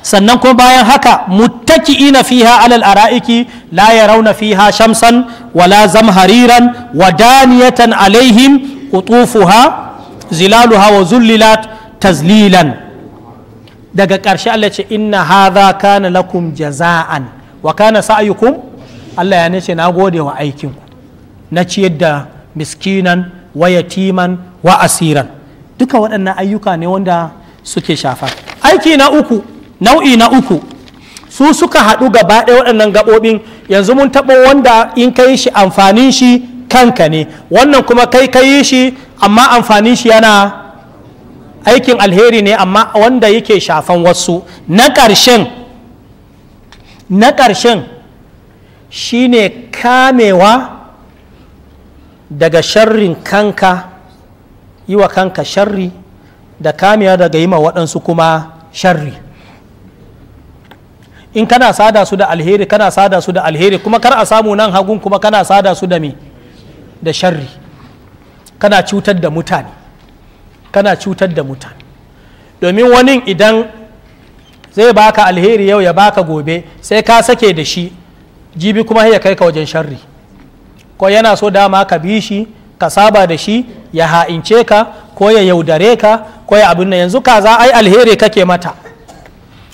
sannan kuma bayan haka muttaki'ina fiha alal ara'iki la yarawna fiha shamsan wala hariran wa daniyatan alaihim qutufuha zilaluha wa zullilat tazlilan daga ƙarshe Allah ce inna hadha kana lakum jaza'an wa kana sa'yukum Allah ya nace na gode wa aikinku na ciyar da miskinan wa yatiman wa asiran duka waɗannan ayyuka ne wanda suke shafa aiki na uku nau'i na uku su suka haɗu gaba ɗaya waɗannan gaɓoɓin yanzu mun taɓa wanda in ka yi shi amfanin shi kanka ne wannan kuma kai ka yi shi amma amfanin shi yana aikin alheri ne amma wanda yake shafan wasu na ƙarshen na ƙarshen Shi ne kamewa daga sharrin kanka yi wa kanka sharri da kamewa daga yi ma waɗansu kuma sharri in kana sada su da alheri kana sada su da alheri kuma kar a samu nan hagun kuma kana sada su da me da sharri kana cutar da mutane kana cutar da mutane domin wani idan zai baka alheri yau ya baka gobe sai ka sake da shi jibi kuma ya kai ka wajen sharri ko yana so dama ka bi shi ka saba da shi ya ha'ince ka ko ya yaudare ka ko ya abin yanzu ka za ai alheri kake mata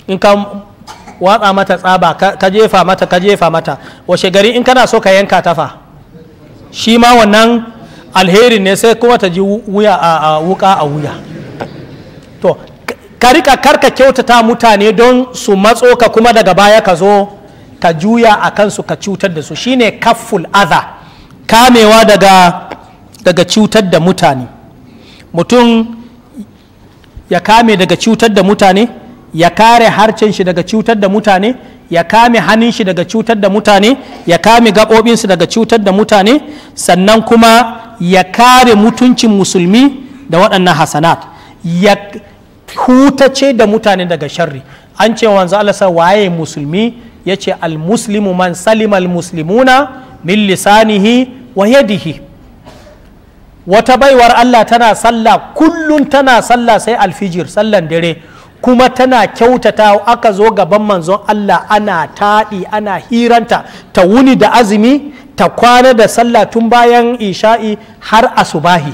in ka watsa mata tsaba ka jefa mata ka jefa mata washe gari in kana so ka yanka tafa shi ma wannan alheri ne sai kuma ta ji wuya a wuka a wuya to ka rika karka kyautata mutane don su matso ka kuma daga baya ka zo ka juya a kansu ka cutar da su shine kafful aza. kamewa daga daga cutar da mutane mutum ya kame daga cutar da mutane ya kare harshen shi daga cutar da mutane ya kame hannun shi daga cutar da mutane ya kame gaɓoɓinsu daga cutar da mutane sannan kuma ya kare mutuncin musulmi da waɗannan hasanat ya hutace da mutane daga sharri an ce wanzu Allah waye musulmi ya ce almuslimu man salima almuslimuna min lisanihi wa yadihi wata baiwar Allah tana sallah kullum tana sallah sai alfijir sallan dare kuma tana kyautata aka zo gaban manzon Allah ana taɗi ana hiranta ta wuni da azumi ta kwana da sallah tun bayan isha'i har asubahi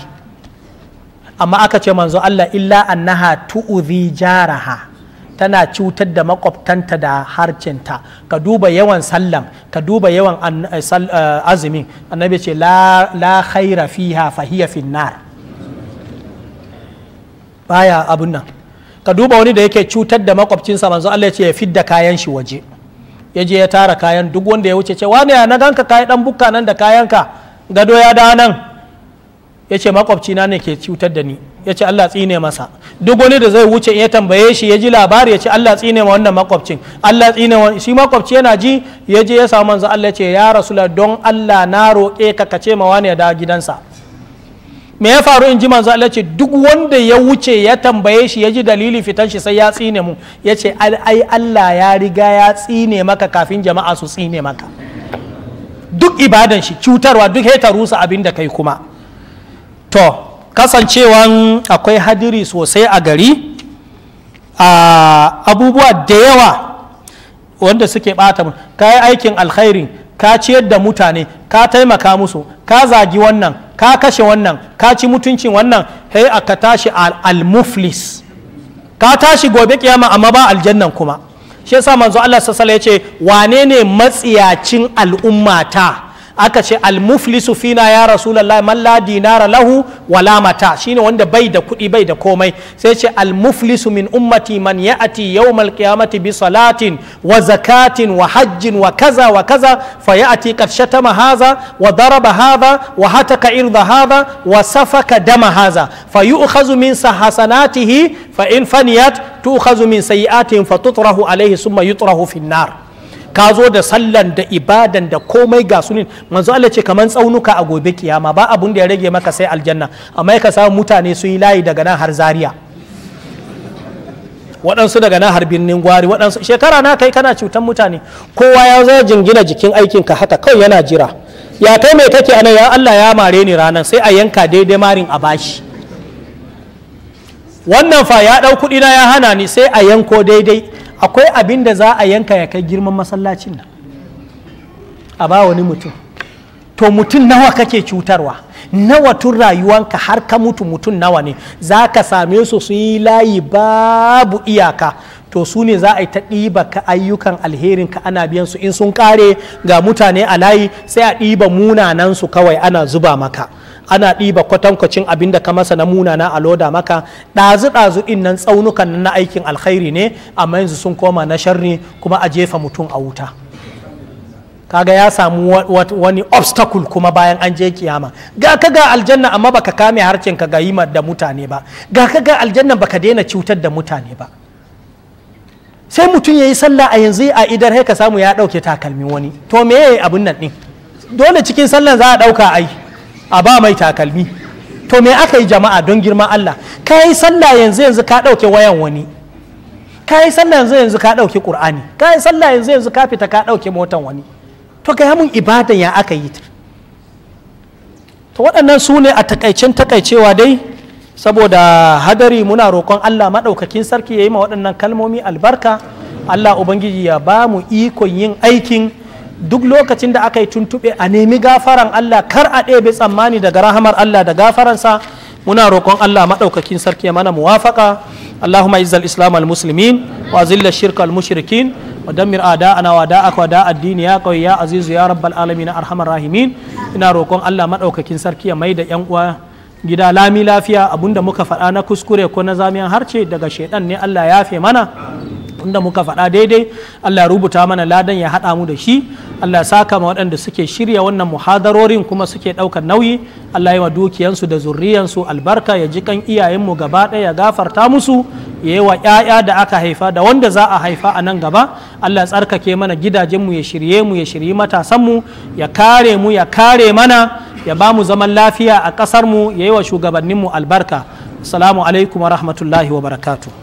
amma aka ce manzon Allah illa annaha tu'udhi jaraha tana cutar da makwabtanta da harcinta ka duba yawan sallam ka duba yawan eh, eh, azumin annabi ce la khaira fiha fahiya finnar baya abun nan ka duba wani da yake cutar da makwabcinsa manzo Allah ya ce ya fidda kayan shi waje ya je ya tara kayan duk wanda ya wuce ce wani ya na ganka kayi dan bukka nan da kayanka gado ya da nan ya ce makwabcina ne ke cutar da ni ya ce Allah tsine masa duk wani da zai wuce ya tambaye shi ya ji labari ya ce Allah tsine ma wannan makwabcin Allah tsine shi makwabci yana ji ya je ya samu manzo Allah ya ce ya rasula don Allah na roƙe ka kace ma wani ya da gidansa me ya faru in ji manzo Allah ce duk wanda ya wuce ya tambaye shi ya ji dalili fitan shi sai ya tsine mu ya ce ai Allah ya riga ya tsine maka kafin jama'a su tsine maka duk ibadan shi cutarwa duk heta rusa abin da kai kuma to kasancewan akwai hadiri sosai a gari a abubuwa da yawa wanda suke bata mu ka yi aikin alkhairi ka ciyar da mutane ka taimaka musu ka zagi wannan ka kashe wannan ka ci mutuncin wannan a aka tashi al-muflis ka tashi gobe kiyama amma ba aljannan kuma shi yasa manzo Allah sassala ya ce wane ne matsiyacin al'ummata aka ce almuflisu fina ya rasulullahi man la dinara lahu wala mata shine wanda bai da kuɗi bai da komai sai ce almuflisu min ummati man ya'ati yawmal qiyamati bi salatin wa zakatin wa hajjin wa kaza wa kaza fa ya'ati qad shatama hadha wa daraba hadha wa hataka irda hadha wa safaka dama hadha fa yu'khazu min sahasanatihi fa in faniyat tu'khazu min sayi'atihim fa tutrahu alayhi summa yutrahu fi an nar ka zo da sallan da ibadan da komai ga sunin manzo Allah ce kaman tsaunuka a gobe kiyama ba abun da ya rage maka sai aljanna amma ka samu mutane su yi layi daga nan har zaria waɗansu daga nan har birnin gwari waɗansu shekara na kai kana cutan mutane kowa ya zo jingina jikin aikin ka haka kawai yana jira ya kai mai kake anan ya Allah ya mare ni ranan sai a yanka daidai marin a bashi wannan fa ya ɗau kuɗi na ya hana ni sai a yanko daidai akwai abin da za a yanka ya kai girman masallacin nan a ba wani mutum to mutum nawa kake cutarwa nawa tun rayuwanka har ka mutu mutum nawa ne za ka same su su yi layi babu iyaka to su ne za a yi ta ɗiba ka ayyukan alherin ka ana biyan su in sun kare ga mutane a layi sai a ɗiba munanansu kawai ana zuba maka ana ɗiba kwatankwacin abin da ka masa na munana a loda maka ɗazu ɗazu ɗin nan tsaunukan na aikin alkhairi ne amma yanzu sun koma na sharri kuma a jefa mutum a wuta kaga ya samu wani obstacle kuma bayan an je kiyama ga ka ga aljanna amma baka kame harcen ka ga yi da mutane ba ga ka ga aljanna baka daina cutar da mutane ba sai mutum ya yi sallah a yanzu a idar ka samu ya ɗauke takalmin wani to me abin nan ɗin dole cikin sallan za a ɗauka ai a ba mai takalmi to me aka yi jama'a don girma Allah ka yi sallah yanzu yanzu ka ɗauke wayan wani ka yi sallah yanzu yanzu ka ɗauke ƙur'ani ka yi sallah yanzu yanzu ka fita ka ɗauke motan wani to ga mun ibadan ya aka yi to waɗannan su ne a takaicen takaicewa dai saboda hadari muna roƙon Allah maɗaukakin sarki ya yi ma waɗannan kalmomi albarka Allah Ubangiji ya ba mu ikon yin aikin duk lokacin da aka yi tuntuɓe a nemi gafaran Allah kar a ɗebe tsammani daga rahamar Allah da gafaransa muna roƙon Allah maɗaukakin sarki mana muwafaƙa Allahumma izzal islam al muslimin wa zilla shirka al mushrikin wa dammir ana wa da wa da addini ya kawai ya azizu ya rabbal alamin arhamar rahimin ina roƙon Allah maɗaukakin sarki ya mai da yan uwa gida lami lafiya abinda muka faɗa na kuskure ko na zamiyan harce daga shaidan ne Allah ya fe mana da muka faɗa daidai Allah ya rubuta mana ladan ya haɗa mu da shi Allah ya saka ma waɗanda suke shirya wannan muhadarorin kuma suke ɗaukar nauyi Allah ya yi wa dukiyansu da zurriyansu albarka ya ji kan iyayenmu gaba ɗaya ya gafarta musu ya yi wa ‘ya'ya da aka haifa da wanda za a haifa a nan gaba Allah ya tsarkake mana gidajenmu ya shirye mu ya shirye matasanmu ya kare mu ya kare mana ya ba mu zaman lafiya a ƙasarmu ya yi wa shugabanninmu albarka. Assalamu alaikum wa rahmatullahi wa barakatu.